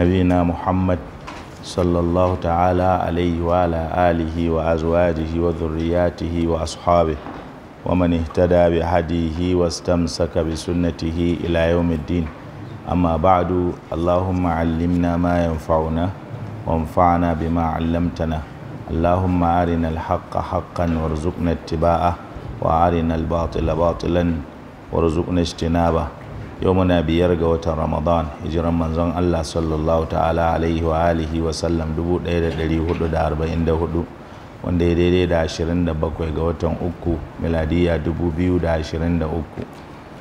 نبينا محمد صلى الله تعالى عليه وعلى آله وأزواجه وذرياته وأصحابه ومن اهتدى بهديه واستمسك بسنته إلى يوم الدين أما بعد اللهم علمنا ما ينفعنا وانفعنا بما علمتنا اللهم أرنا الحق حقا وارزقنا اتباعه وأرنا الباطل باطلا وارزقنا اجتنابه yau muna biyar ga watan ramadan hijiran manzon allah sallallahu ta'ala alaihi wa alihi wa sallam 1444 wanda ya daidai da da bakwai ga watan uku miladiya 2023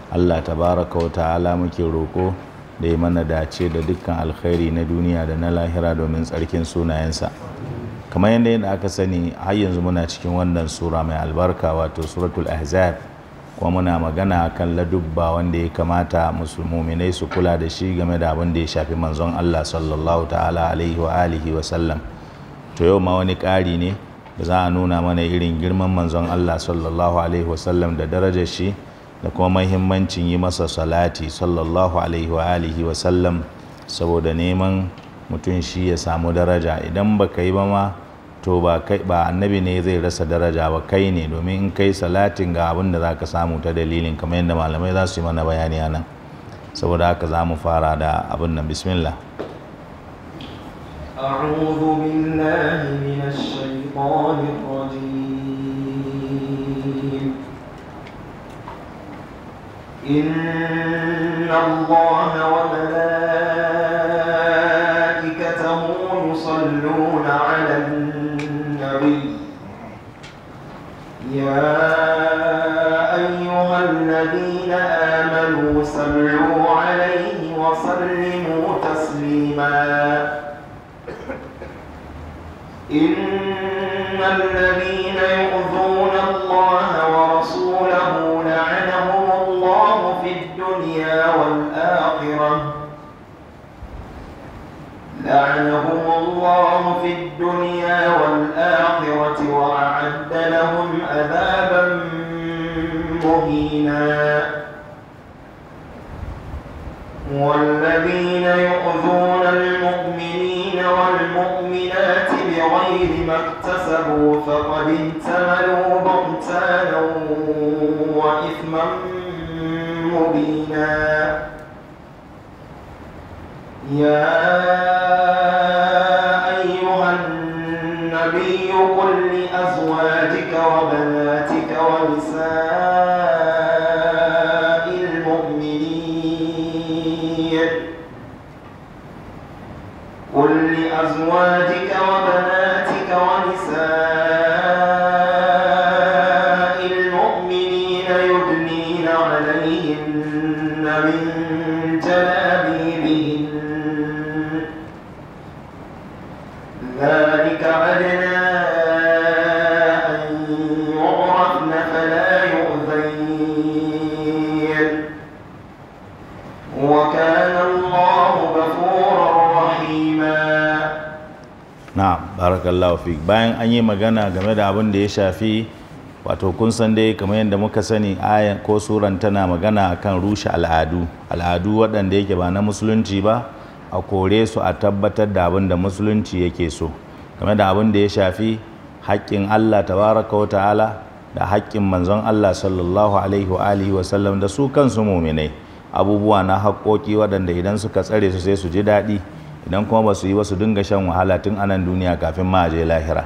allah tabaraka wa ta'ala muke roko da ya mana dace da dukkan alkhairi na duniya da na lahira domin tsarkin sunayensa kamar yadda yadda aka sani har yanzu muna cikin wannan sura mai albarka wato suratul ahzab kuma muna magana kan ladubba wanda ya kamata musulmuminai su kula da shi game da abin da ya shafi manzon Allah sallallahu ta'ala alaihi wa alihi wa sallam to yau ma wani ƙari ne da za a nuna mana irin girman manzon Allah sallallahu alaihi wa sallam da darajar shi da kuma mahimmancin yi masa salati sallallahu alaihi wa alihi wa sallam saboda neman mutum shi ya samu daraja idan baka yi ba ma to ba kai ba annabi ne zai rasa daraja ba kai ne domin in kai salatin ga abin da zaka samu ta dalilin kamar yadda malamai za su yi mana bayani a nan saboda haka za mu fara da abin nan bismillah أعوذ بالله من الشيطان الرجيم إن الله وملائكته يصلون يا أيها الذين آمنوا صلوا عليه وسلموا تسليما إن الذين يؤذون الله لعنهم الله في الدنيا والآخرة وأعد لهم عذابا مهينا والذين يؤذون المؤمنين والمؤمنات بغير ما اكتسبوا فقد اهتملوا بغتانا وإثما مبينا يا أيها النبي قل لأزواجك وبناتك ونساء barakallahu fi bayan an yi magana game da abin da ya shafi wato kun san dai kamar yadda muka sani ayan ko suran tana magana kan rushe al'adu al'adu waɗanda yake ba na musulunci ba a kore su a tabbatar da abin da musulunci yake so game da abin da ya shafi haƙƙin Allah tabaraka wa ta'ala da haƙƙin manzon Allah sallallahu alaihi wa alihi wa sallam da su kansu muminai abubuwa na haƙƙoƙi waɗanda idan suka tsare su sai su ji daɗi idan kuma ba su yi ba su dinga shan wahala tun anan duniya kafin ma je lahira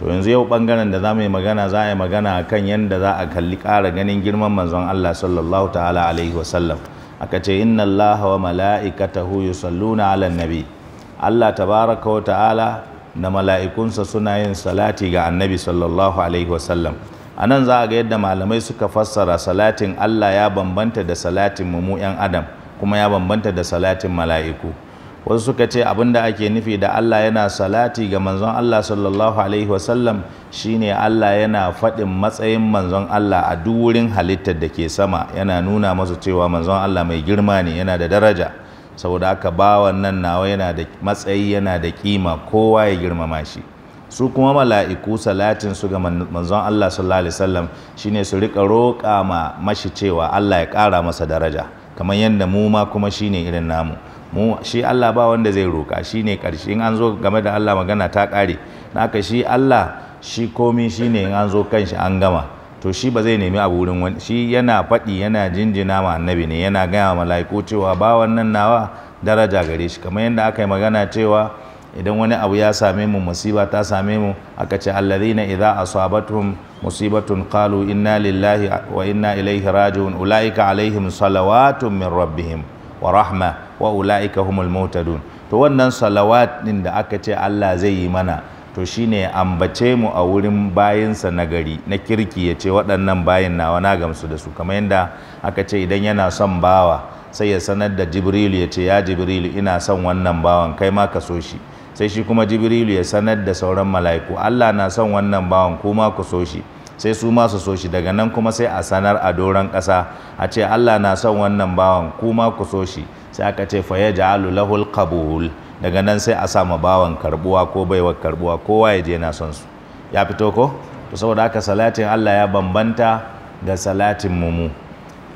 to yanzu yau bangaren da za mu yi magana za a yi magana kan yadda za a kalli kara ganin girman manzon Allah sallallahu ta'ala alaihi sallam aka ce inna Allah wa mala'ikatahu yusalluna 'alan nabi Allah tabaraka wa ta'ala da mala'ikunsa suna yin salati ga annabi sallallahu alaihi a nan za a ga yadda malamai suka fassara salatin Allah ya bambanta da salatin mu 'yan adam kuma ya bambanta da salatin mala'iku wasu suka ce abin da ake nufi da Allah yana salati ga manzon Allah sallallahu alaihi wasallam shine Allah yana faɗin matsayin manzon Allah a duk wurin halittar da ke sama yana nuna masu cewa manzon Allah mai girma ne yana da daraja saboda aka ba nan nawa yana da matsayi yana da kima kowa ya girmama shi su kuma mala'iku salatin su ga manzon Allah sallallahu alaihi wasallam shine su rika roƙa ma mashi cewa Allah ya ƙara masa daraja kamar yadda mu ma kuma shine irin namu mu shi Allah ba wanda zai roka ne karshe in an zo game da Allah magana ta kare aka shi Allah shi komi ne in an zo kanshi an gama to shi ba zai nemi abu wurin wani shi yana faɗi yana jinjina ma annabi ne yana gaya wa mala'iku cewa ba wannan nawa daraja gare shi kamar yadda aka yi magana cewa idan wani abu ya same mu musiba ta same mu aka ce alladhina idza asabatuhum musibatun qalu inna lillahi wa inna ilaihi raji'un ulaika alaihim salawatun min rabbihim wa rahma wa ula'ika humul mutadun to wannan salawat din da aka ce Allah zai yi mana to shine ambace mu a wurin bayansa na gari na kirki ya ce waɗannan bayin nawa na gamsu da su kamar yadda aka ce idan yana son bawa sai ya sanar da jibrilu ya ce ya jibril ina son wannan bawan kai ma ka so shi sai shi kuma jibrilu ya sanar da sauran mala'iku Allah na son wannan bawan kuma ku so shi sai su ma su so shi daga nan kuma sai a sanar a doron ƙasa a ce Allah na son wannan bawan kuma ku so shi sai aka ce fa ya ja'alu lahul daga nan sai a sa ma bawan karbuwa ko baiwa karbuwa kowa ya je yana son su ya fito ko to saboda haka salatin Allah ya bambanta ga salatin mumu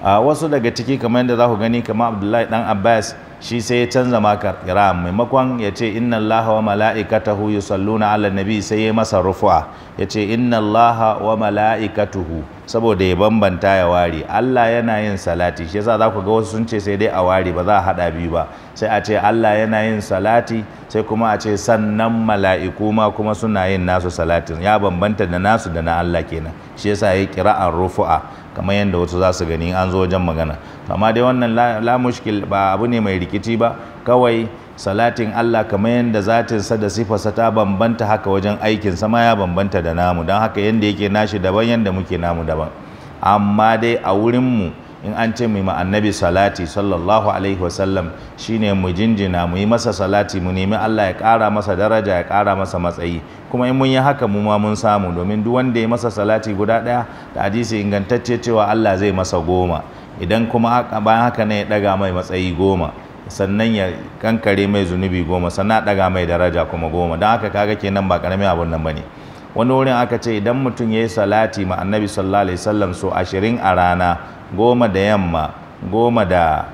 a wasu daga ciki kamar yadda za ku gani kamar Abdullahi dan Abbas shi sai ya canza maka kiram maimakon ya ce inna allaha wa mala'ikatahu yusalluna ala nabi sai ya masa rufu'a. ya ce inna allaha wa mala'ikatuhu saboda ya bambanta ya ware Allah yana yin salati shi yasa za ku ga wasu sun ce sai dai a ware ba za a haɗa biyu ba sai a ce Allah yana yin salati sai kuma a ce sannan mala'iku ma kuma suna yin nasu salatin ya bambanta da nasu da na Allah kenan shi yasa ya kira an rufu'a kamar yadda wasu za su gani an zo wajen magana amma dai wannan la mushkil ba abu ne mai rikici ba kawai salatin Allah kamar yadda zatinsa da sifarsa ta bambanta haka wajen aikin sama ya bambanta da namu don haka yadda yake nashi daban yadda muke namu daban amma dai a wurinmu in an ce mu ma annabi salati sallallahu alaihi wasallam shine mu jinjina mu yi masa salati mu nemi Allah ya ƙara masa daraja ya ƙara masa matsayi kuma in mun yi haka mu ma mun samu domin duk wanda ya masa salati guda ɗaya da hadisi ingantacce cewa Allah zai masa goma idan kuma bayan haka ne ya ɗaga mai matsayi goma sannan ya kankare mai zunubi goma sannan ɗaga mai daraja kuma goma don haka kaga kenan ba ƙaramin abun nan bane wani wurin aka ce idan mutum ya yi salati ma annabi sallallahu alaihi wasallam so ashirin a rana goma da yamma goma da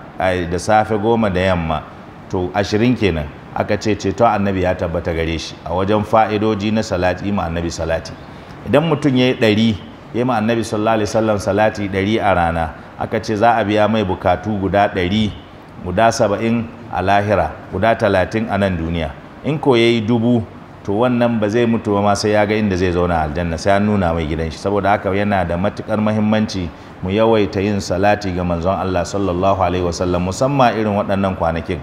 da safe goma da yamma to ashirin kenan aka ce ceto annabi ya tabbata gare shi a wajen fa'idoji na salati ma annabi salati idan mutum ya yi ɗari ya ma annabi sallallahu alaihi wasallam salati ɗari a rana aka ce za a biya mai bukatu guda ɗari guda saba'in a lahira guda talatin a nan duniya in ko ya yi dubu to wannan ba zai mutu ba ma sai ya ga inda zai zauna aljanna sai an nuna mai gidan shi saboda haka yana da matukar muhimmanci mu yawaita yin salati ga manzon Allah sallallahu alaihi wasallam musamman irin waɗannan kwanakin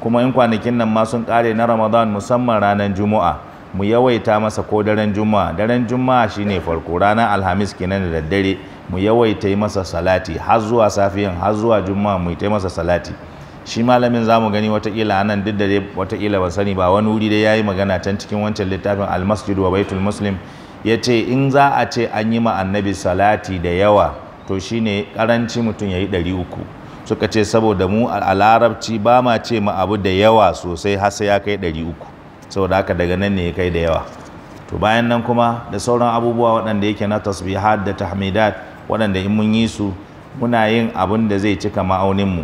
kuma in kwanakin nan ma sun kare na Ramadan musamman ranar Juma'a mu yawaita masa ko daren Juma'a daren Juma'a shine farko ranar Alhamis kenan da daddare mu yawaita yi masa salati har zuwa safiyan har zuwa Juma'a mu yi masa salati shi malamin zamu gani watakila anan duk da dai ban sani ba wani wuri dai yayi magana can cikin wancan littafin Al-Masjid wa Baitul Muslim yace in za a ce an yi ma annabi salati da yawa to ne karanci mutum ya yi ɗari uku suka ce saboda mu a larabci ba ma ce ma abu da yawa sosai har ya kai ɗari uku saboda haka daga nan ne ya kai da yawa to bayan nan kuma da sauran abubuwa waɗanda yake na tasbihat da tahmidat waɗanda in mun yi su muna yin abin da zai cika ma'auninmu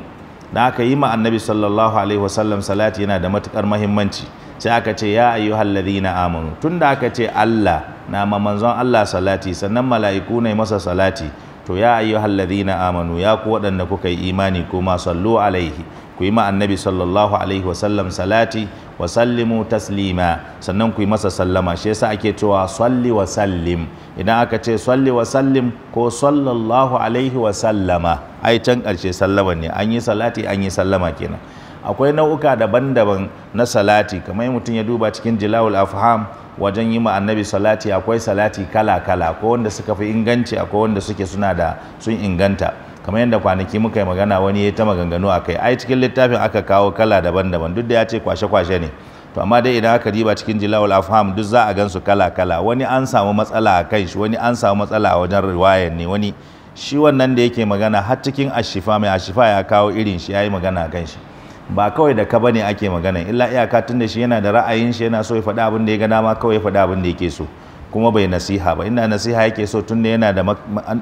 da aka yi ma annabi sallallahu alaihi wasallam salati yana da matukar mahimmanci sai aka ce ya na ladina tun da aka ce Allah na ma manzon Allah salati sannan mala'iku ne masa salati to ya ayyuhal ladina amanu ya ku waɗanda kuka yi imani kuma sallu alaihi ku yi ma annabi sallallahu alaihi wasallam salati wa sallimu taslima sannan ku yi masa sallama shi yasa ake cewa salli wa sallim idan aka ce salli wa sallim ko sallallahu alaihi wa sallama ai can ƙarshe sallama ne an yi salati an yi sallama kenan akwai nau'uka daban-daban na salati kamar mutum ya duba cikin jilawul afham wajen yi annabi salati akwai salati kala-kala ko wanda suka fi inganci akwai wanda suke suna da sun inganta kamar yadda kwanaki muka yi magana wani ya ta maganganu a kai ai cikin littafin aka kawo kala daban-daban duk da ya ce kwashe-kwashe ne to amma dai idan aka diba cikin jilawul afham duk za a gan su kala-kala wani an samu matsala a kai shi wani an samu matsala a wajen riwayar ne wani shi wannan da yake magana har cikin ashifa mai ashifa ya kawo irin shi ya yi magana a kan shi ba kawai da ka bane ake magana illa iyaka tun da shi yana da ra'ayin shi yana so ya faɗi abin da ya ga dama kawai ya faɗi abin da yake so kuma bai nasiha ba ina nasiha yake so tun da yana da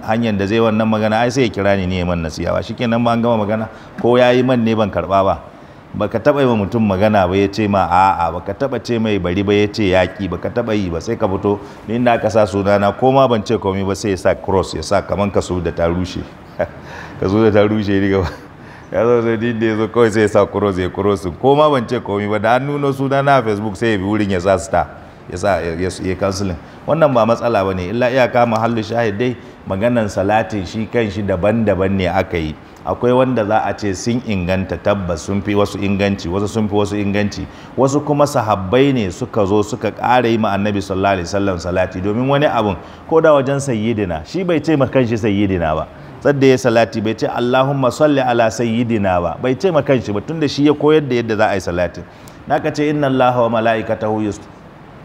hanyar da zai wannan magana ai sai ya kira ni ne man nasiha ba shikenan ba an gama magana ko yayi man ne ban karba ba baka taba yi wa mutum magana ba ya ce ma a'a baka taba ce mai bari ba ya ce yaki baka taba yi ba sai ka fito ni da aka sa sunana ko ma ban ce komai ba sai ya sa cross ya sa kaman ka so da ta rushe ka da ta rushe ni gaba ya zo sai din da ya zo kawai sai ya sa cross ya cross ko ma ban ce komai ba da an nuna suna na facebook sai ya bi wurin ya sa star ya sa ya kansilin wannan ba matsala ba ne illa iyaka mahallu shahid dai maganan salatin shi kan shi daban-daban ne aka yi akwai wanda za a ce sun inganta tabbas sun fi wasu inganci wasu sun fi wasu inganci wasu kuma sahabbai ne suka zo suka ƙara yi ma annabi sallallahu alaihi wasallam salati domin wani abun ko da wajen sayyidina shi bai ce ma kanshi sayyidina ba sadda ya salati bai ce Allahumma salli ala sayyidina ba bai ce makan shi ba da shi ya koyar da yadda za a yi salati naka ce inna Allaha wa mala'ikatahu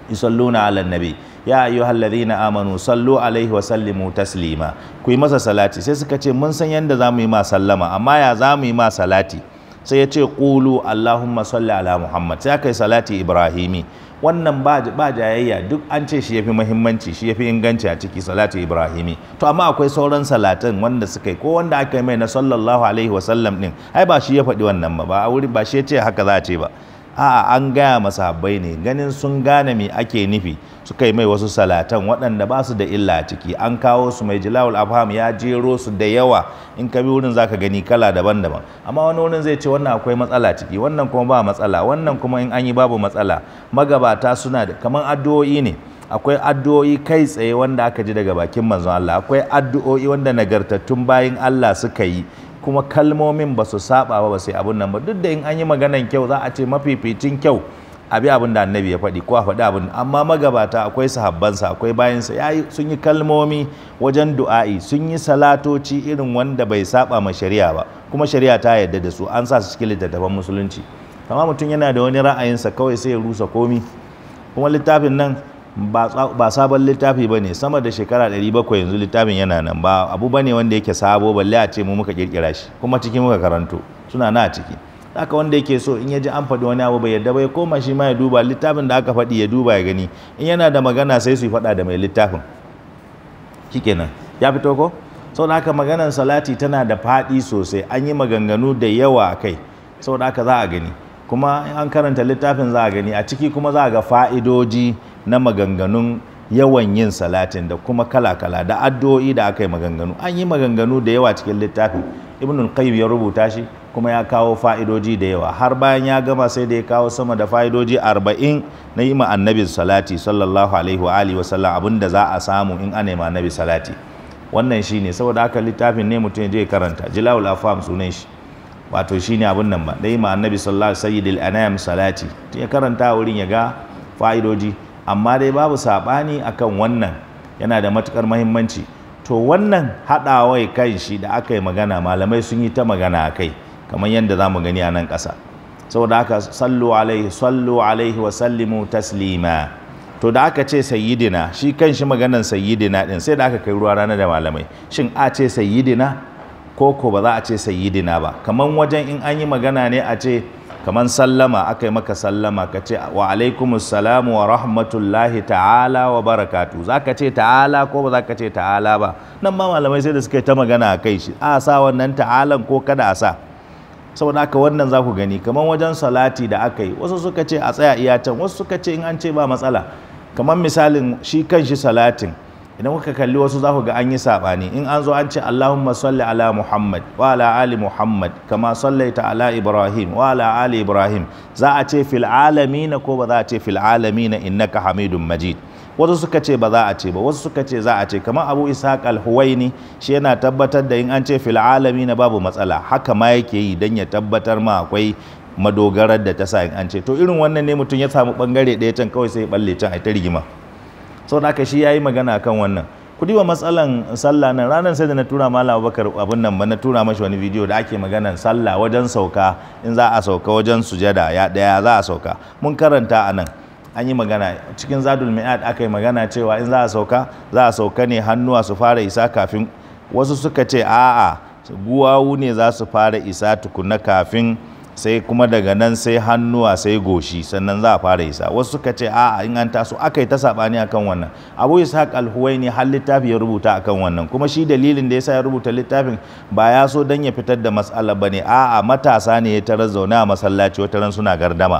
yusalluna ala nabi ya na amanu sallu alaihi wa sallimu taslima ku yi masa salati sai suka ce mun san yadda za mu yi ma sallama amma ya za mu yi ma salati sai ya ce qulu Allahumma salli ala Muhammad sai aka yi salati Ibrahimi wannan ba jayayya duk an ce shi ya fi mahimmanci shi ya fi inganci a ciki salatu ibrahimi to amma akwai sauran salatin wanda suka yi ko wanda aka yi mai na sallallahu alaihi wasallam din ai ba shi ya faɗi wannan ba ba ba shi ya ce haka za a ce ba A'a, an gaya masahabbai ne ganin sun gane me ake nufi suka yi mai wasu salatan waɗanda ba su da illa ciki an kawo su mai jilawul afham ya jero su da yawa in ka bi wurin zaka gani kala daban-daban amma wani wurin zai ce wannan akwai matsala ciki wannan kuma ba matsala wannan kuma in an yi babu matsala magabata suna da kamar addu'o'i ne akwai addu'o'i kai tsaye wanda aka ji daga bakin manzon Allah akwai addu'o'i wanda nagartattun bayin Allah suka yi kuma kalmomin ba su saba ba sai abun nan ba duk da in an yi maganan kyau za a ce mafificin kyau abi abin da annabi ya faɗi ko a faɗi abin amma magabata akwai sahabbansa akwai bayansa ya sun yi kalmomi wajen du'a'i sun yi salatoci irin wanda bai saba ma shari'a ba kuma shari'a ta yarda da su an sa su cikin littattafan musulunci amma mutum yana da wani ra'ayinsa kawai sai ya rusa komi kuma littafin nan ba sabon littafi ba ne sama da shekara 700 yanzu littafin yana nan ba abu ba ne wanda yake sabo balle a ce mu muka kirkira shi kuma ciki muka karanto suna na a ciki haka wanda yake so in ya ji an faɗi wani abu bai yadda bai ya koma shi ma ya duba littafin da aka faɗi ya duba ya gani in yana da magana sai su yi faɗa da mai littafin kikenan ya fito ko saboda haka maganar salati tana da faɗi sosai an yi maganganu da yawa a kai saboda haka za a gani kuma an karanta littafin za a gani a ciki kuma za a ga fa'idoji na maganganun yawan yin salatin da kuma kala-kala da addu'o'i da aka yi maganganu an yi maganganu da yawa cikin littafin ibnul qayyim ya rubuta shi kuma ya kawo fa'idoji da yawa har bayan ya gama sai da ya kawo sama da fa'idoji arba'in na yi ma annabi salati sallallahu alaihi wa alihi wasallam abin da za a samu in ana yi annabi salati wannan shi ne saboda haka littafin ne mutum ya je karanta jilawul afam sunan shi wato shine abin nan ba dai ma annabi sallallahu sayyidul anam salati ya karanta wurin ya ga fa'idoji amma dai babu sabani akan wannan yana da matukar muhimmanci to wannan hadawai kan shi da aka yi magana malamai sun yi ta magana akai kamar yadda za mu gani a nan ƙasa saboda aka sallu alaihi sallu alaihi wa sallimu taslima to da aka ce sayyidina shi kan shi maganan sayyidina din sai da aka kai ruwa rana da malamai shin a ce sayyidina ko ko ba za a ce sayyidina ba kaman wajen in an yi magana ne a ce kaman sallama aka yi maka sallama ka ce wa alaikumus salamu wa rahmatullahi ta'ala wa barakatu za ka ce ta'ala ko ba za ka ce ta'ala ba nan ma malamai sai da suka yi ta magana a kai shi a sa wannan ta'alan ko kada a sa saboda haka wannan za ku gani Kaman wajen salati da aka yi wasu suka ce a tsaya iya can wasu suka ce in an ce ba matsala Kaman misalin shi kan shi salatin idan kuka kalli wasu za ku ga an yi saɓani in an zo an ce Allahumma salli ala Muhammad wa ala ali Muhammad kama sallaita ala Ibrahim wa ala ali Ibrahim za a ce fil alamina ko ba za a ce fil alamina innaka Hamidum Majid wasu suka ce ba za a ce ba wasu suka ce za a ce kamar abu ishaq al-huwaini shi yana tabbatar da in an ce fil na babu matsala haka ma yake yi dan ya tabbatar ma akwai madogarar da ta sa in an ce to irin wannan ne mutum ya samu bangare ɗaya can kawai sai ya balle can ai ta rigima saboda haka shi ya yi magana kan wannan kuɗi wa matsalan sallah nan ranar sai da na tura mala abubakar abin nan ba na tura mashi wani bidiyo da ake maganan sallah wajen sauka in za a sauka wajen sujada ya daya za a sauka mun karanta a nan an yi magana cikin zadul mi'ad aka yi magana cewa in za a sauka za a sauka ne hannuwa su fara isa kafin wasu suka ce a'a guwawu ne za su fara isa tukuna kafin sai kuma daga nan sai hannuwa sai goshi sannan za a fara isa wasu suka ce a in an taso aka yi ta sabani akan wannan abu ishaq alhuwaini har littafi ya rubuta akan wannan kuma shi dalilin da yasa ya rubuta littafin ba ya so dan ya fitar da matsala ne a'a matasa ne ya tarar zaune a masallaci wataran suna gardama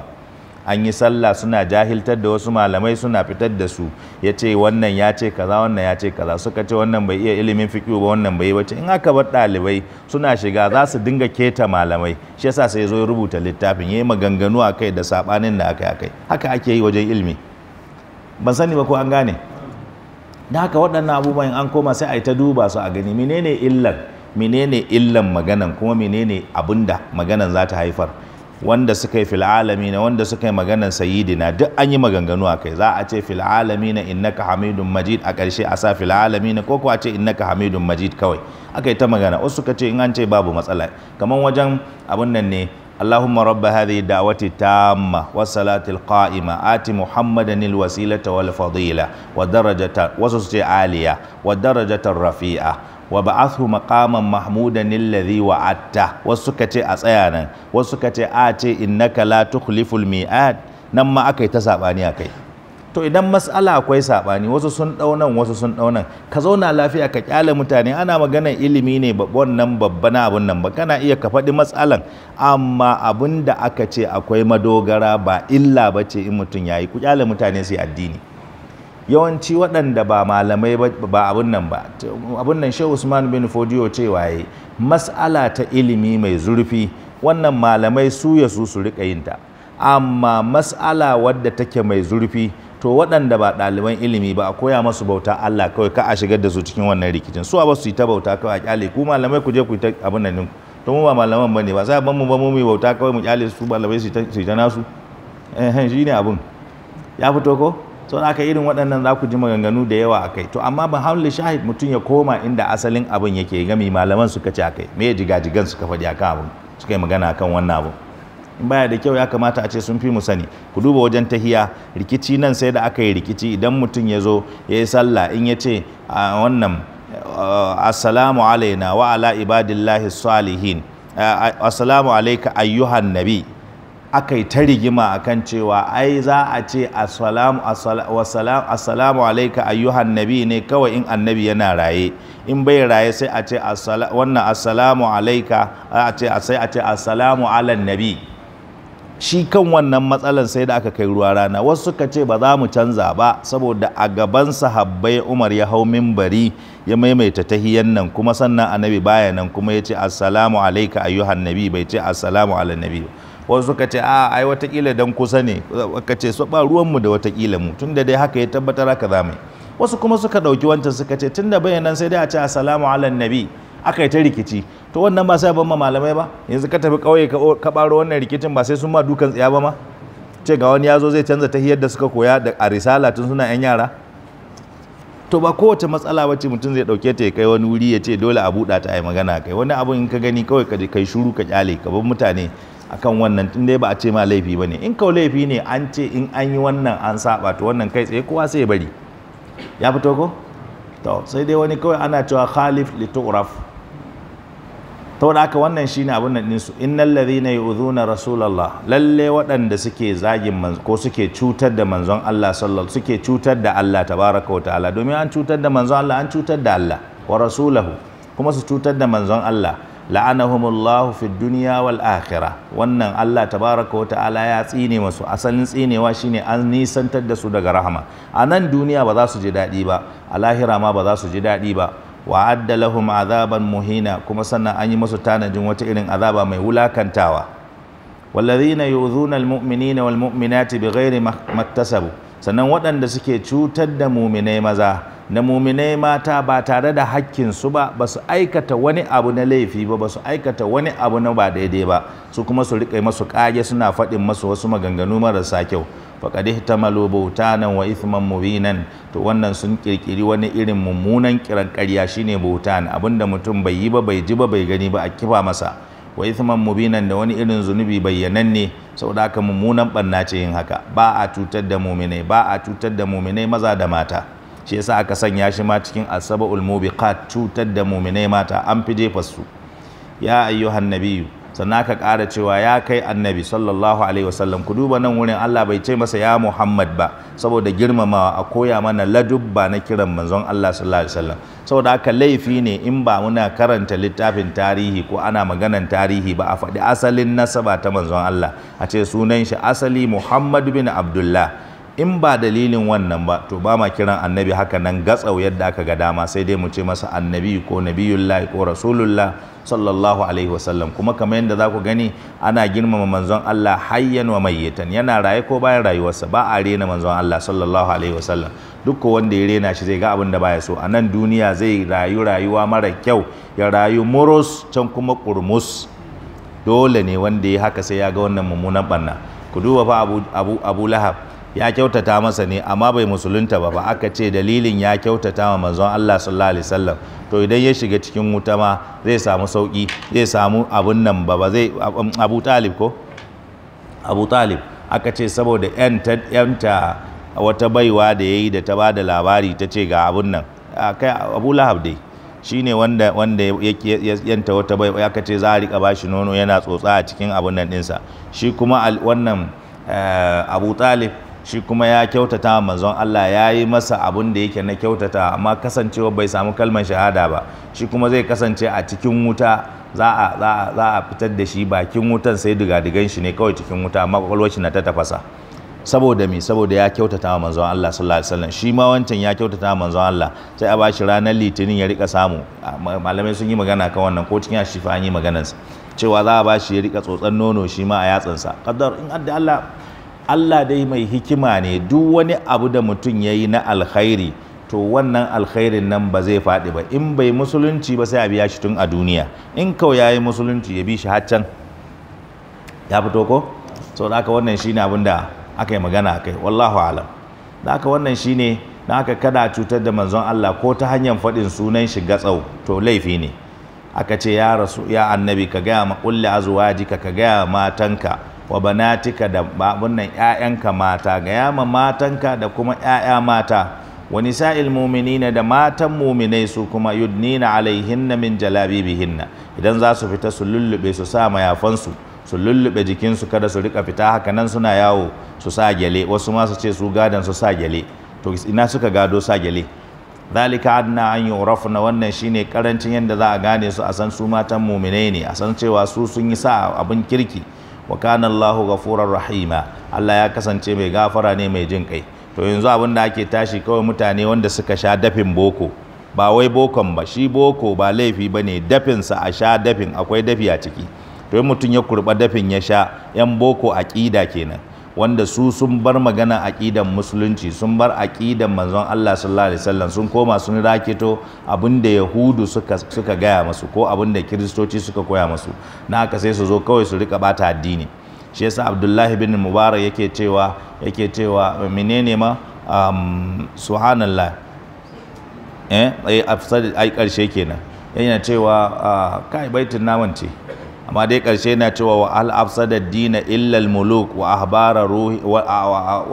an yi sallah suna jahiltar da wasu malamai suna fitar da su ya ce wannan ya ce kaza wannan ya ce kaza suka ce wannan bai iya ilimin fiƙi ba wannan bai wace in aka bar ɗalibai suna shiga za su dinga keta malamai shi yasa sai zo ya rubuta littafin ya yi maganganu a kai da saɓanin da aka yi akai haka ake yi wajen ilimi ban sani ba ko an gane da haka waɗannan abubuwan an koma sai a yi ta duba su a gani menene illan menene illan maganan kuma menene abin da maganan za ta haifar wanda suka yi fil na wanda suka yi maganar na duk an yi maganganu a kai za a ce fil'alami na innaka hamidun majid a ƙarshe a sa fil na ko kuwa ce innaka hamidun majid kawai aka yi ta magana wasu suka ce in an ce babu matsala kamar wajen abun nan ne اللهم رب هذه الدعوة التامة والصلاة القائمة آت محمدا الوسيلة والفضيلة والدرجة aliya wa والدرجة rafi'a. wa ba'athu maqaman mahmudan alladhi wa'atta wasu kace a tsaya nan wasu kace a ce innaka la tukhliful mi'ad nan ma akai ta sabani akai to idan mas'ala akwai sabani wasu sun daunan wasu sun daunan ka zauna lafiya ka kyale mutane ana maganar ilimi ne babban wannan babban abun nan ba kana iya ka faɗi matsalan amma abin da aka ce akwai madogara ba illa ba ce in mutum yayi ku kyale mutane sai addini yawanci waɗanda ba malamai ba abun nan ba abun nan shehu usman bin fodiyo cewa waye mas'ala ta ilimi mai zurfi wannan malamai su ya su su riƙa yin ta amma mas'ala wadda take mai zurfi to waɗanda ba ɗaliban ilimi ba a koya masu bauta Allah kawai ka a shigar da su cikin wannan rikicin su ba su yi ta bauta kawai a kyale ku malamai ku je ku yi ta abun nan to mu ba malaman bane ba sai ban mu ba mu mai bauta kawai mu kyale su malamai su yi ta nasu eh shi ne abun ya fito ko sau aka irin waɗannan za ku ji maganganu da yawa a kai to amma ban hau shahid mutum ya koma inda asalin abin yake gami malaman suka ci a kai me ya jigajigan suka faɗi a kan abin suka yi magana a kan wannan abin in baya da kyau ya kamata a ce sun fi mu sani ku duba wajen tahiya rikici nan sai da aka yi rikici idan mutum ya zo ya yi sallah in ya ce a wannan assalamu alaina wa ala ibadillahi salihin assalamu alaika ayyuhan nabi aka yi ta rigima kan cewa ai za a ce assalamu alaika ayyuhan nabi ne kawai in annabi yana raye in bai raye sai a ce wannan assalamu alaika sai a ce assalamu alan nabi shi kan wannan matsalan sai da aka kai ruwa rana wasu suka ce ba za mu canza ba saboda a gaban sahabbai umar ya hau mimbari ya maimaita tahiyan nan kuma sannan annabi baya nan kuma ya ce assalamu alaika ayyuhan nabi bai ce assalamu alan nabi ba wasu suka ce a ai watakila dan kusa ne suka ce su ba ruwanmu da watakila mu tun dai haka ya tabbatar haka za wasu kuma suka ɗauki wancan suka ce tun da bayanan sai dai a ce assalamu ala nabi aka yi ta rikici to wannan ba sai ban ma malamai ba yanzu ka tafi ƙauye ka ɓaro wannan rikicin ba sai sun ma dukan tsiya ba ma ce ga wani ya zo zai canza ta da suka koya a risala tun suna 'yan yara to ba kowace matsala wacce mutum zai dauke ta ya kai wani wuri ya ce dole a buɗa ta a magana kai wani abu in ka gani kawai ka kai shuru ka kyale ka bar mutane akan wannan tun dai ba a ce ma laifi ba ne in kawo laifi ne an ce in an yi wannan an saba to wannan kai tsaye kowa sai bari ya fito ko to sai dai wani kawai ana cewa khalif li tu'raf to da haka wannan shine abin nan din su innal ladhina yu'dhuna rasulallah lalle waɗanda suke zagin manzo ko suke cutar da manzon Allah sallallahu suke cutar da Allah tabaraka wa ta'ala domin an cutar da manzon Allah an cutar da Allah wa rasulahu kuma su cutar da manzon Allah la'anahumullahu fid duniya wal akhirah wannan Allah tabaraka wa ta'ala ya tsine masu asalin tsinewa shine an nisantar da su daga rahama a nan duniya ba za su ji daɗi ba a lahira ma ba za su ji daɗi ba wa adda lahum azaban muhina kuma sannan an yi masu tanadin wata irin azaba mai wulakantawa wallazina muminina almu'minina walmu'minati bighairi ma sannan waɗanda suke cutar da muminai maza na muminai mata ba tare da hakkinsu ba ba su aikata wani abu na laifi ba ba su aikata wani abu na ba daidai ba su kuma su riƙe masu ƙage suna faɗin masu wasu maganganu marasa kyau malo bauta nan wa ithman mubinan to wannan sun kirkiri wani irin mummunan kiran ƙarya shine nan abinda mutum bai yi ba bai ji ba bai gani ba a kifa masa wa ithman mubinan da wani irin zunubi bayyananne saboda haka mummunan ɓanna ce yin haka ba a cutar da muminai ba a cutar da muminai maza da mata shi yasa aka sanya shi ma cikin asaba'ul mubiqat cutar da muminai mata an fi jefa su ya ayyuhan nabiyyu sannan aka ƙara cewa ya kai annabi sallallahu alaihi wasallam ku duba nan wurin Allah bai ce masa ya Muhammad ba saboda girmamawa a koya mana ladubba na kiran manzon Allah sallallahu alaihi wasallam saboda haka laifi ne in ba muna karanta littafin tarihi ko ana maganan tarihi ba a faɗi asalin nasaba ta manzon Allah a ce sunan shi asali Muhammad bin Abdullah in ba dalilin wannan ba to ba ma kiran annabi haka nan gatsau yadda aka ga dama sai dai mu ce masa annabi ko nabiyullahi ko rasulullah sallallahu alaihi wasallam kuma kamar yadda za ku gani ana girmama manzon Allah hayyan wa mayyitan yana raye ko bayan rayuwarsa ba a rena manzon Allah sallallahu alaihi wasallam duk wanda ya rena shi zai ga abin da baya so a nan duniya zai rayu rayuwa mara kyau ya rayu murus can kuma kurmus dole ne wanda ya haka sai ya ga wannan mummunan banna ku duba fa abu abu, abu lahab ya kyautata masa ne amma bai musulunta ba ba aka ce dalilin ya kyautata ma manzon Allah sallallahu alaihi wasallam to idan ya shiga cikin wuta ma zai samu sauki zai samu abun nan ba ba zai Abu Talib ko Abu Talib aka ce saboda yanta wata baiwa da yayi da ta bada labari ta ce ga abun nan kai Abu Lahab dai shine wanda wanda yake yanta wata baiwa aka ce za a rika bashi nono yana tsotsa a cikin abun nan dinsa shi kuma wannan eh, Abu Talib shi kuma ya kyautata manzon Allah ya yi masa abin da yake na kyautata amma kasancewa bai samu kalmar shahada ba shi kuma zai kasance a cikin wuta za a fitar da shi bakin wutan sai digadigan shi ne kawai cikin wuta amma kwakwalwar shi na ta tafasa saboda mai saboda ya kyautata wa manzon Allah sallallahu alaihi wasallam shi ma wancan ya kyautata manzon Allah sai a bashi ranar litinin ya rika samu malamai sun yi magana kan wannan ko cikin fa an yi maganarsa cewa za a bashi ya rika tsotsan nono shi ma a yatsansa in adda Allah Allah dai mai hikima ne duk wani abu da mutum ya yi na alkhairi to wannan alkhairin nan ba zai faɗi ba in bai musulunci ba sai a biya shi tun a duniya in kawai ya yi musulunci ya bi shi haccan ya fito ko so da aka wannan shine abin da aka yi magana kai. wallahu alam da aka wannan shine da aka kada cutar da manzon Allah ko ta hanyar faɗin sunan shi gatsau to laifi ne aka ce ya rasu ya annabi ka gaya ma kulli jika ka gaya matanka wa banatika da nan ƴaƴanka mata ga yama matanka da kuma ƴaƴa mata wa nisa'il mu'minina da matan mu'minai su kuma yudnina alaihinna min jalabibihinna idan za su fita su lullube su sa mayafansu su lullube jikinsu kada su rika fita haka nan suna yawo su sa gyale wasu ma su ce su gadan su sa gyale to ina suka gado sa gyale dalika adna an yurafna wannan shine karancin yadda za a gane su a san su matan mu'minai ne a san cewa su sun yi sa abin kirki wa kana Allahu rahima Allah ya kasance mai gafara ne mai jin kai to yanzu abin da ake tashi kawai mutane wanda suka sha dafin boko ba wai bokon ba shi boko ba laifi ba ne dafinsa a sha dafin akwai dafi a ciki to mutum ya kurba dafin ya sha yan boko aƙida kenan wanda su sun bar magana aqidan musulunci sun bar aqidan manzon Allah sallallahu alaihi wasallam sun koma sun rakito abinda yahudu suka suka gaya masu ko abinda kiristoci suka koya masu na haka sai su zo kawai su rika bata addini shi yasa Abdullahi bin Mubarak yake cewa yake cewa menene ma um, subhanallah eh ai afsad ai karshe kenan yana cewa ah, kai baitin naman ce amma dai karshe na cewa wa al'afsada dina illal muluk wa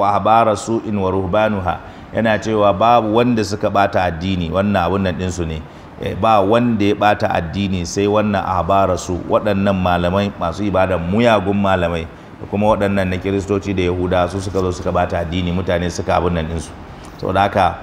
ahbara su'in wa ruhbanuha yana cewa babu wanda suka bata addini wannan abun nan ɗinsu ne eh, ba wanda ya bata addini sai wannan ahbara su waɗannan malamai masu ibadan muyagun malamai da kuma waɗannan na kiristoci da yahuda su suka zo suka bata addini mutane suka abun nan ɗinsu saboda haka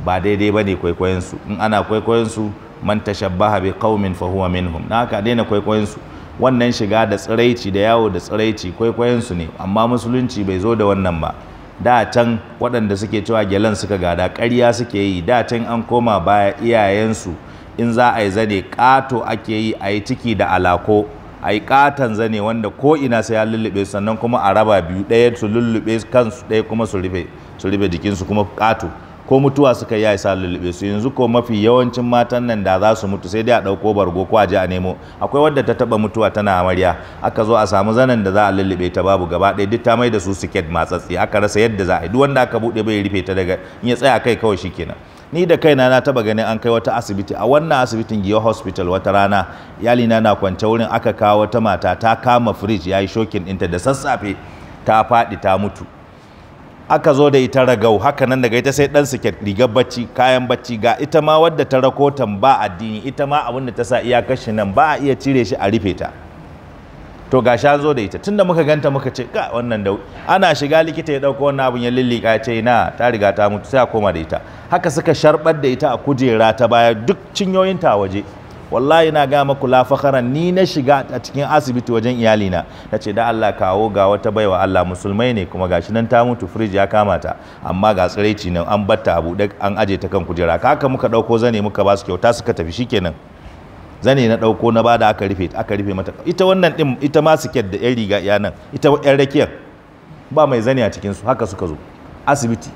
ba daidai ba ne kwaikwayonsu in ana kwaikwayonsu man tashabbaha bi qaumin fa huwa minhum na haka daina kwaikwayonsu wannan shiga da tsiraici da yawo da tsiraici su ne amma musulunci bai zo da wannan ba da can waɗanda suke cewa gyalan suka gada ƙarya suke yi da can an koma baya iyayensu in za a yi zane ƙato ake yi a yi ciki da alako a yi ƙaton zane wanda ko ina sai ya lullube sannan kuma a raba biyu ɗaya su lullube kansu ɗaya kuma su rufe jikinsu kuma ƙato ko mutuwa suka yi sa lullube su yanzu ko mafi yawancin matan nan da za su mutu sai dai a ɗauko bargo ko a ji a nemo akwai wadda ta taɓa mutuwa tana amarya aka zo a samu zanen da za a lullube ta babu gaba ɗaya duk ta mai da su siket matsatsi aka rasa yadda za a yi duk wanda aka buɗe bai rufe ta daga in ya tsaya kai kawai shikenan ni da kaina na taba ganin an kai wata asibiti a wannan asibitin giyo hospital wata rana iyalina na kwance wurin aka kawo wata mata ta kama fridge yayi shokin ɗinta da sassafe ta faɗi ta mutu aka zo da ita ragau haka nan daga ita sai dan suke rigar bacci kayan bacci ga ita ma wadda ta rakotan ba addini ita ma abin da ta sa iyakar shi nan ba a iya cire shi a rufe ta to ga sha zo da ita tunda muka ganta muka ce ga wannan da ana shiga likita ya dauko wannan abun ya lillika ya ce na ta riga ta mutu sai a koma da ita haka suka sharbar da ita a kujera ta baya duk cinyoyin ta waje wallahi na ga maku lafaharan ni na shiga a cikin asibiti wajen iyalina na ce da Allah kawo ga wata baiwa Allah musulmai ne kuma gashi nan ta mutu firiji ya kama ta amma ga tsiraici nan an batta abu da an aje ta kan kujera haka muka dauko zane muka ba su kyauta suka tafi shikenan zane na dauko na bada aka rufe aka rufe mata ita wannan din ita ma siket da yan riga iya nan ita yan rakiyar ba mai zane a cikin su haka suka zo asibiti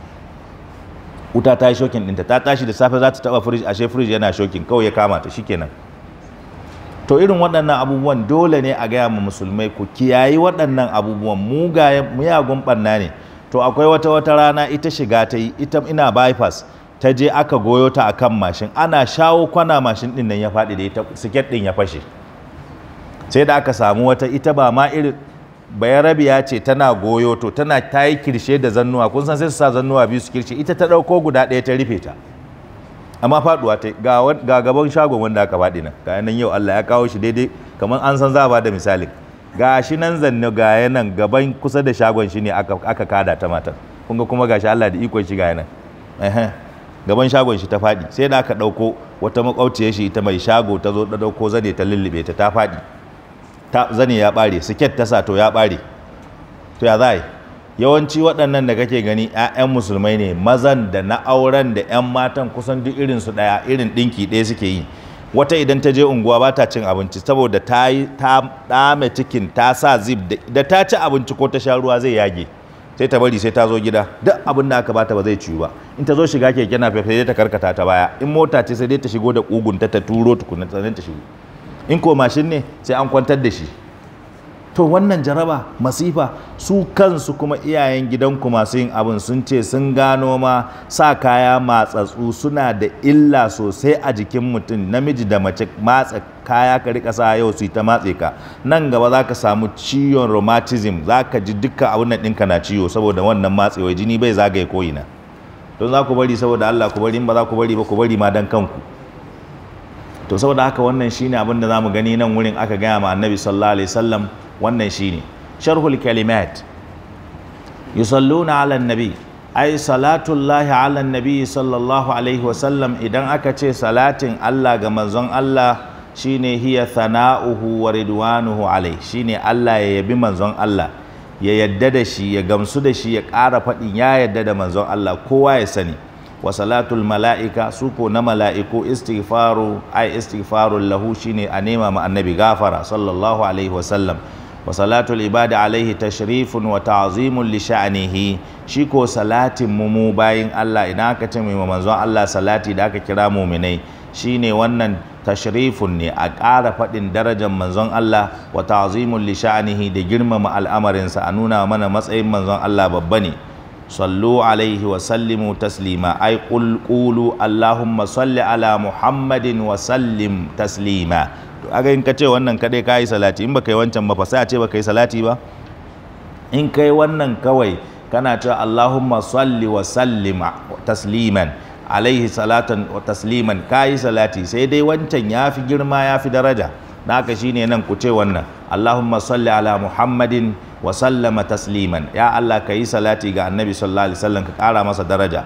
wuta ta yi shokin ɗinta ta tashi da safe za ta taɓa firij ashe firij yana shokin kawai ya kama ta shikenan to irin waɗannan abubuwan dole ne a gaya ma musulmai ku kiyayi waɗannan abubuwan mugayen miyagun ɓanna ne to akwai wata wata rana ita shiga ta yi ita ina bypass ta je aka goyo ta akan mashin ana shawo kwana mashin ɗin nan ya faɗi da ita siket ɗin ya fashe sai da aka samu wata ita ba ma irin bayarabiya ce tana goyo to tana ta yi kirshe da zannuwa kun san sai su sa zannuwa biyu su kirshe ita ta ɗauko guda ɗaya ta rufe ta amma faduwa ta ga gaban shagon wanda aka faɗi nan ga nan yau Allah ya kawo shi daidai kamar an san za ba da misali ga shi nan zanne ga nan gaban kusa da shagon shi ne aka kada ta matan kun kuma ga shi Allah da ikon shi ga nan gaban shagon shi ta faɗi sai da aka ɗauko wata makwabciyar shi ita mai shago ta zo ta ɗauko zane ta lullube ta ta faɗi zane ya ɓare siket ta sa to ya ɓare to ya za yawanci waɗannan da kake gani 'ya'yan musulmai ne mazan da na auren da 'yan matan kusan duk irin su ɗaya irin ɗinki ɗaya suke yi wata idan ta je unguwa ba ta cin abinci saboda ta yi ta ɗame cikin ta sa zib da ta ci abinci ko ta sha ruwa zai yage sai ta bari sai ta zo gida duk abin da aka bata ba zai ciyu ba in ta zo shiga keke na fefe ta karkata ta baya in mota ce sai dai ta shigo da kugunta ta turo tukunan ta shigo in ko mashin ne sai an kwantar da shi to wannan jaraba masifa su kansu kuma iyayen gidanku masu yin abin sun ce sun gano ma sa kaya matsatsu suna da illa sosai a jikin mutum namiji da mace matsa kaya ka rika sa yau su yi ta matse ka nan gaba za ka samu ciwon rheumatism za ka ji dukkan abin nan ɗinka na ciwo saboda wannan matsewa jini bai zagaye ko'ina don za ku bari saboda Allah ku bari in ba za ku bari ba ku bari ma dan kanku to saboda haka wannan shine abin da mu gani nan wurin aka gaya ma annabi sallallahu alaihi wasallam wannan shine sharhul kalimat yusalluna ala nabi ai salatullahi ala nabi sallallahu alaihi wasallam idan aka ce salatin Allah ga manzon Allah shine hiya sana'uhu wa ridwanuhu alai shine Allah ya yabi manzon Allah ya yadda da shi ya gamsu da shi ya ƙara faɗin ya yadda da manzon Allah kowa ya sani wa salatul mala'ika su ko na mala'iku istighfaru ai istighfarul lahu shine a nema ma annabi gafara sallallahu alaihi wasallam wa salatul ibada alaihi tashrifun wa ta'zimun li sha'nihi shi ko salatin mu mu bayin Allah idan aka ce mai manzon Allah salati da aka kira muminai shine wannan tashrifun ne a ƙara faɗin darajar manzon Allah wa ta'zimun li sha'nihi da girmama al'amarinsa a nuna mana matsayin manzon Allah babba ne sallu alaihi wa sallimu taslima ai qulu allahumma salli ala muhammadin wa sallim taslima to aga in ka ce wannan kadai ka yi salati in ka yi wancan ba fa sai a ce baka yi salati ba in ka yi wannan kawai kana ce allahumma salli wa sallima tasliman alaihi salatan wa tasliman ka yi salati sai dai wancan ya fi girma ya fi daraja na shi shine nan ku ce wannan allahumma salli ala muhammadin wa sallama tasliman ya Allah ka yi salati ga annabi sallallahu alaihi wasallam ka ƙara masa daraja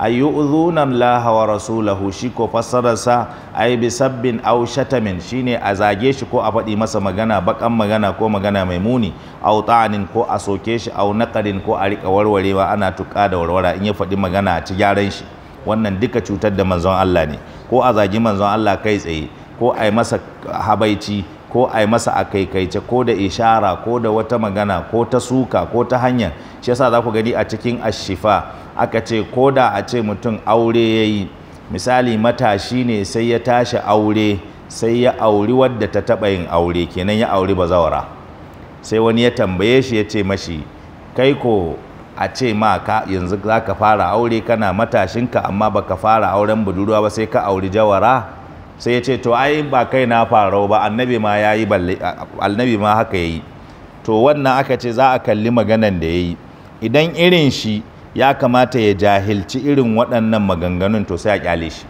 ayyu'dhuna Allah wa rasulahu shi ko fassararsa ay bi sabbin aw shatamin shine a zage shi ko a faɗi masa magana bakan magana ko magana mai muni aw ta'anin ko a soke shi aw naqarin ko a rika warwarewa ana tuƙa da warwara in ya faɗi magana a ci gyaran shi wannan duka cutar da manzon Allah ne ko a zagi manzon Allah kai tsaye ko a yi masa habaici ko a yi masa a kaikaice ko da ishara ko da wata magana ko ta suka ko ta hanya shi yasa za ku gani a cikin ashifa aka ce ko da a ce mutum aure ya yi misali matashi ne sai ya tashi aure sai ya auri wadda ta taɓa yin aure kenan ya auri bazawara sai wani ya tambaye shi ya ce mashi kai ko a ce ma ka yanzu za ka fara aure kana matashinka amma baka fara auren budurwa ba sai ka auri jawara sai ya ce to ai ba kai na farau ba annabi ma yi balle annabi ma haka yayi to wannan aka ce za a kalli maganan da yayi idan irin shi ya kamata ya jahilci irin waɗannan maganganun to sai a kyale shi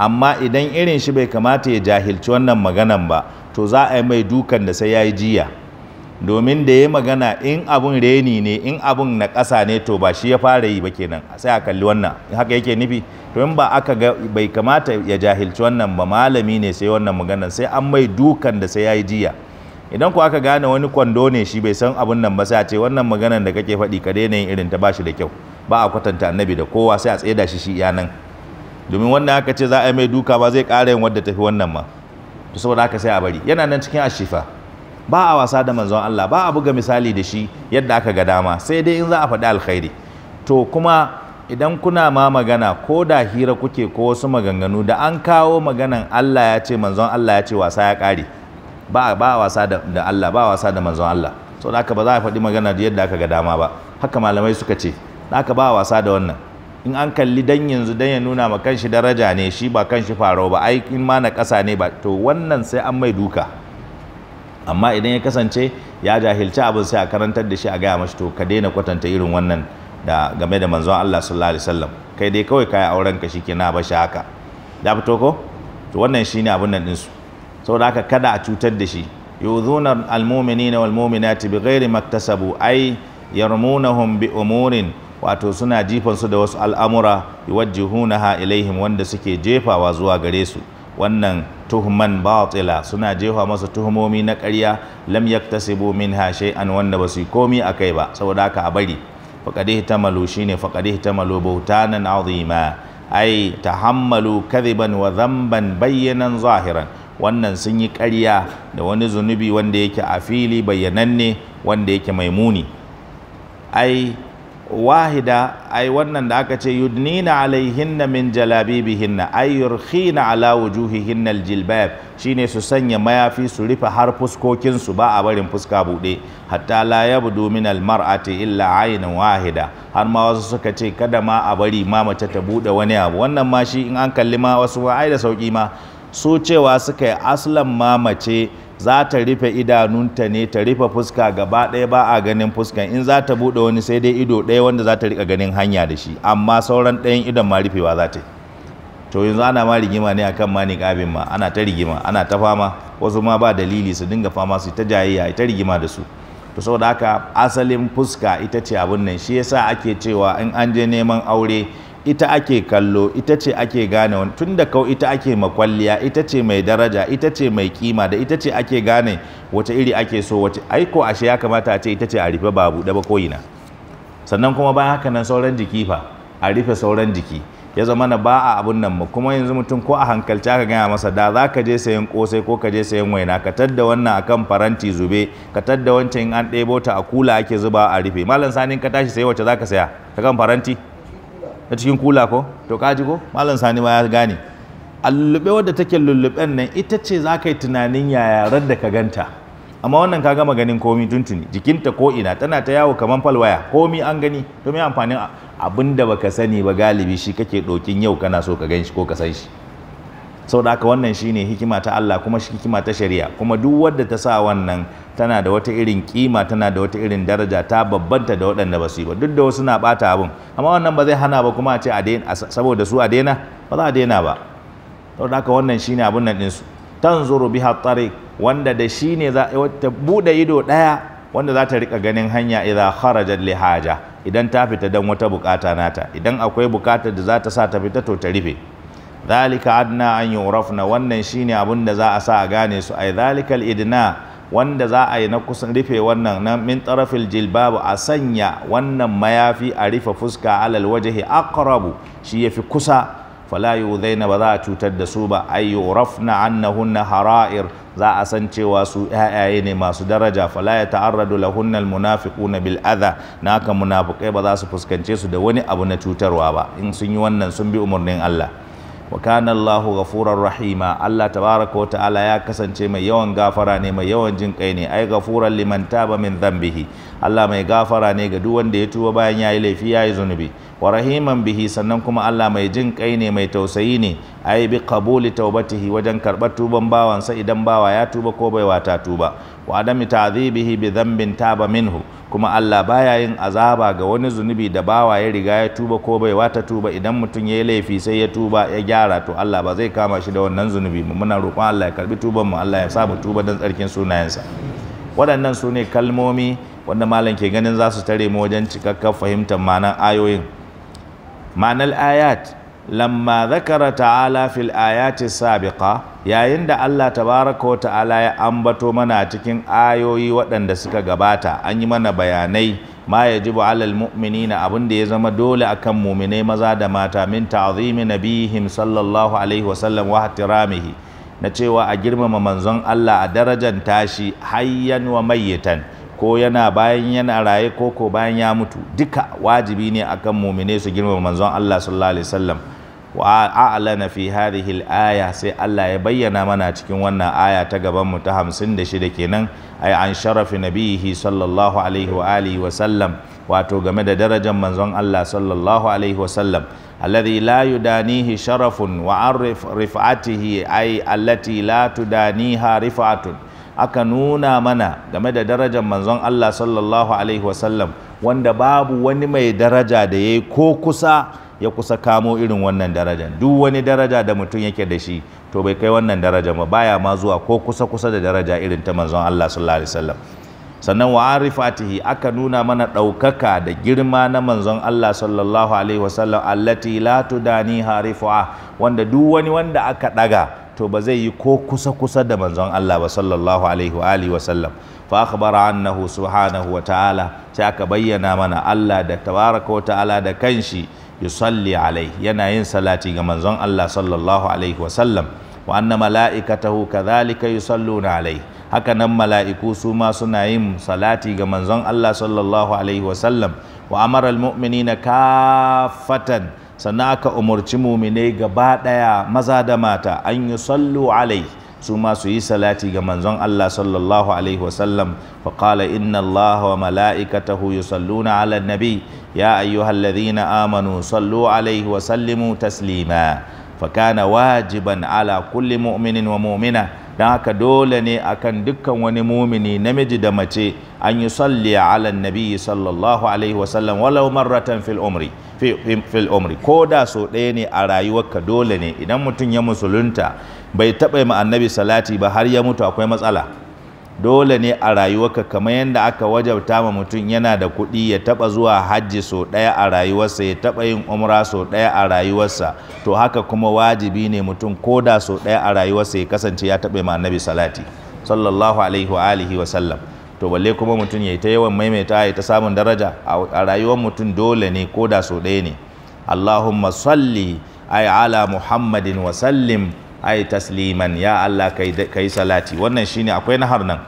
amma idan irin shi bai kamata ya jahilci wannan maganan ba to za a yi mai dukan da sai yayi jiya domin da ya magana in abun reni ne in abun na ƙasa ne to ba shi ya fara yi ba kenan sai a kalli wannan haka yake nufi to in ba aka ga bai kamata ya jahilci wannan ba malami ne sai wannan magana sai an mai dukan da sai ya yi jiya idan ku aka gane wani kwando ne shi bai san abun nan ba sai a ce wannan maganan da kake faɗi ka daina yin irin ta ba shi da kyau ba a kwatanta annabi da kowa sai a tsaida shi shi nan domin wannan aka ce za a yi mai duka ba zai ƙara yin wadda tafi wannan ma to saboda haka sai a bari yana nan cikin ashifa ba a wasa da manzon Allah ba a buga misali da shi yadda aka ga dama sai dai in za a faɗi alkhairi to kuma idan kuna ma magana ko da hira kuke ko wasu maganganu da an kawo maganan Allah ya ce manzon Allah ya ce wasa ya ƙare ba ba wasa da, Allah ba wasa da manzon Allah da haka ba za a faɗi magana da yadda aka ga dama ba haka malamai suka ce Da aka ba wasa da wannan in an kalli dan yanzu dan ya nuna ma kanshi daraja ne shi ba kanshi farau ba ai in ma na ƙasa ne ba to wannan sai an mai duka amma idan ya kasance ya jahilci abin sai a karantar da shi a gaya mashi to ka daina kwatanta irin wannan da game da manzon Allah sallallahu alaihi wasallam kai dai kawai kai auren ka shike na bashi haka da fito ko to wannan shine abin nan su saboda haka kada a cutar da shi yuzuna almu'minina wal mu'minati bighairi maktasabu ay yarmunahum bi umurin wato suna jifan su da wasu al'amura yuwajjihunaha ilaihim wanda suke jefawa zuwa gare su wannan tuhman batila suna jefa masa tuhumomi na ƙarya lam yaktasibu minha shay'an wanda ba su yi komi akai ba saboda haka a bari faqadih tamalu shine faqadih tamalu bautanan azima ai tahammalu kadhiban wa dhanban bayyanan zahiran wannan sun yi ƙarya da wani zunubi wanda yake a fili bayyananne wanda yake mai muni ai wahida ai wannan da aka ce yudnina alaihinna min jalabibihinna ai yurkhina ala wujuhihinna aljilbab shine su sanya mayafi su rufe har fuskokin su ba a barin fuska bude hatta la yabdu min almar'ati illa ayna wahida har ma wasu suka ce kada ma a bari ma mace ta bude wani abu wannan ma shi in an kalli ma wasu ai da sauki ma su cewa suka yi aslan ma za ta rufe idanunta ne ta rufe fuska gaba ɗaya ba a ganin fuskan in za ta buɗe wani sai dai ido ɗaya wanda za ta riƙa ganin hanya da shi amma sauran ɗayan idon ma rufewa za ta yi to yanzu ana ma rigima ne akan ma niƙabin ma ana ta rigima ana ta fama wasu ma ba dalili su dinga fama su ta jayayya ita rigima da su to saboda haka asalin fuska ita ce abin nan shi yasa ake cewa in an je neman aure ita ake kallo ita ce ake gane wani tun da kau ita ake makwalliya ita ce mai daraja ita ce mai kima da ita ce ake gane wace iri ake so wace aiko ashe ya kamata a ce ita ce a rufe ba buɗe ba koyina sannan kuma bayan haka nan sauran jiki fa a rufe sauran jiki ya zama na ba a abun nan kuma yanzu mutum ko a hankalci aka gaya masa da za ka je sayan kosai ko ka je sayan waina ka tadda wannan akan faranti zube ka tadda wancan in an ɗebo ta a kula ake zuba a rufe malam sanin ka tashi sai wacce za ka saya ta kan faranti na cikin kula ko to kaji ko malam sani ma ya gane allube wadda take lulluben nan ita ce za ka yi tunanin yayarar da ka ganta amma wannan ka gama ganin komi tuntuni jikinta ko ina tana ta yawo kamar falwaya komi an gani to me amfanin abin da baka sani ba galibi shi kake ɗokin yau kana so ka gan shi ko ka san shi saboda haka wannan shine hikima ta Allah kuma hikima ta shari'a kuma duk wadda ta sa wannan tana da wata irin kima tana da wata irin daraja ta babbanta da waɗanda ba su yi ba duk da wasu na bata abin amma wannan ba zai hana ba kuma a ce saboda su a daina ba za a daina ba saboda haka wannan shine abin nan ɗinsu tanzuru biha tariq wanda da shi ne ta buɗe ido ɗaya wanda za ta riƙa ganin hanya idan kharajat lihaja idan ta fita don wata bukata nata idan akwai bukatar da za ta sa ta fita to ta rufe zalika adna an yurafna wannan shine abun da za a sa a gane su ai zalikal idna wanda za a yi na kusan rufe wannan nan min tarafil jilbabu a sanya wannan mayafi a rufe fuska alal wajhi aqrabu shi yafi kusa fala yudaina ba za a cutar da su ba ai yurafna annahunna hara'ir za a san cewa su yayaye ne masu daraja fala ya ta'arradu lahunna almunafiquna bil adha naka munafiqai ba za su fuskance su da wani abu na cutarwa ba in sun yi wannan sun bi umarnin Allah wa kana Allahu ghafurar rahima Allah tabaraka wa ta'ala ya kasance mai yawan gafara ne mai yawan jin kai ne ai ghafuran liman taba min dhanbihi Allah mai gafara ne ga duk wanda ya tuba bayan yayi laifi yayi zunubi wa rahiman bihi sannan kuma Allah mai jin kai ne mai tausayi ne ai bi qabuli taubatihi wajen karbar tuban bawansa idan bawa ya tuba ko bai wata tuba wa adami ta'dhibihi bi dhanbin taba minhu kuma Allah baya yin azaba ga wani zunubi da bawa ya riga ya tuba ko bai wata tuba idan mutum ya yi laifi sai ya tuba ya gyara to Allah ba zai kama shi da wannan zunubi mu muna roƙon Allah ya karbi tuban mu Allah ya sa mu tuba don tsarkin sunayensa waɗannan su ne kalmomi wanda malam ke ganin za su tare mu wajen cikakken fahimtar ma'anar ayoyin ma'anar ayat lamma zakara ta'ala fil ayati sabiqa yayin da Allah tabaraka wa ta'ala ya ambato mana cikin ayoyi waɗanda suka gabata an yi mana bayanai ma yajibu alal na abin da ya zama dole akan mu'minai maza da mata min ta'zimi nabihim sallallahu alaihi wa wa na cewa a girmama manzon Allah a darajan tashi hayyan wa mayyitan ko yana bayan yana raye ko ko bayan ya mutu duka wajibi ne akan mumine su girmama manzon Allah sallallahu alaihi wasallam wa a'lana fi hadhihi al sai Allah ya bayyana mana cikin wannan aya ta gaban mu ta shida kenan ai an sharafi nabihi sallallahu alaihi wa alihi wa sallam wato game da darajar manzon Allah sallallahu alaihi wa sallam alladhi la yudanihi sharafun wa rif'atihi ai allati la tudaniha rif'atun aka nuna mana game da darajar manzon Allah sallallahu alaihi wa sallam wanda babu wani mai daraja da yayi ko kusa ya kusa kamo irin wannan darajar duk wani daraja da mutum yake da shi to bai kai wannan daraja ba baya ma zuwa ko kusa kusa da daraja irin ta manzon Allah sallallahu alaihi wasallam sannan wa arifatihi aka nuna mana ɗaukaka da girma na manzon Allah sallallahu alaihi wasallam allati la tudani harifa wanda duk wani wanda aka ɗaga to ba zai yi ko kusa kusa da manzon Allah ba sallallahu alaihi wa alihi wasallam fa akhbara annahu subhanahu wa ta'ala sai aka bayyana mana Allah da tabaraka wa ta'ala da kanshi yusalli alai yana yin salati ga manzon Allah sallallahu alaihi wasallam wa anna mala'ikatahu kadhalika yusalluna alai haka nan mala'iku su ma suna yin salati ga manzon Allah sallallahu alaihi wasallam wa amara almu'minina kafatan sannan aka umarci muminai gaba daya maza da mata an yusallu alai su ma su yi salati ga manzon Allah sallallahu alaihi wasallam fa qala inna Allah wa mala'ikatahu yusalluna 'alan nabi ya ayyuhalladhina amanu sallu alaihi wa sallimu taslima fa kana wajiban 'ala kulli mu'minin wa mumina don haka dole ne akan dukkan wani mumini namiji da mace an yi salli ala nabi sallallahu alaihi wasallam walau marratan fil umri fil umri ko da so ɗaya ne a rayuwarka dole ne idan mutum ya musulunta bai taɓa ma annabi salati ba har ya mutu akwai matsala dole ne a rayuwarka kamar yadda aka wajabta ma mutum yana da kuɗi ya taɓa zuwa hajji sau ɗaya a rayuwarsa ya taɓa yin umra sau ɗaya a rayuwarsa to haka kuma wajibi ne mutum ko da sau ɗaya a rayuwarsa ya kasance ya taɓa ma annabi salati sallallahu alaihi wa alihi wa sallam to balle kuma mutum ya yi ta yawan maimaita ya ta samun daraja a rayuwar mutum dole ne ko da sau ɗaya ne allahumma salli ay ala muhammadin wa sallim ai tasliman ya Allah kai salati wannan shine akwai nahar nan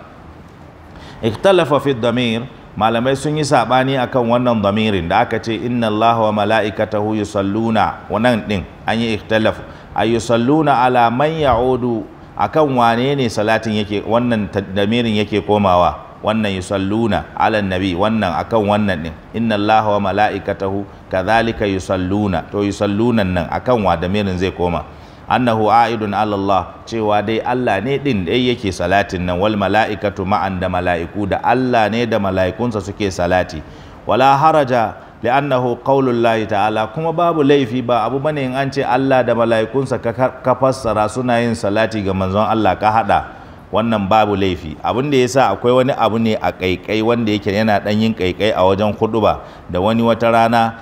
ikhtalafa fi damir malamai sun yi sabani akan wannan damirin da aka ce inna Allah wa mala'ikatahu yusalluna wannan din an yi ikhtilaf ay yusalluna ala man ya'udu akan wane ne salatin yake wannan damirin yake komawa wannan yusalluna ala nabi wannan akan wannan din inna Allah wa mala'ikatahu kadhalika yusalluna to yusallunan nan akan wa damirin zai koma annahu a'idun Allah cewa dai Allah ne din dai yake salatin nan wal mala'ikatu ma'an da mala'iku da Allah ne da mala'ikunsa suke salati wala haraja li'annahu qaulul lahi ta'ala kuma babu laifi ba abu bane in an ce Allah da mala'ikunsa ka fassara suna yin salati ga manzon Allah ka hada wannan babu laifi abin da yasa akwai wani abu ne a kaikai wanda yake yana dan yin kaikai a wajen huduba da wani wata rana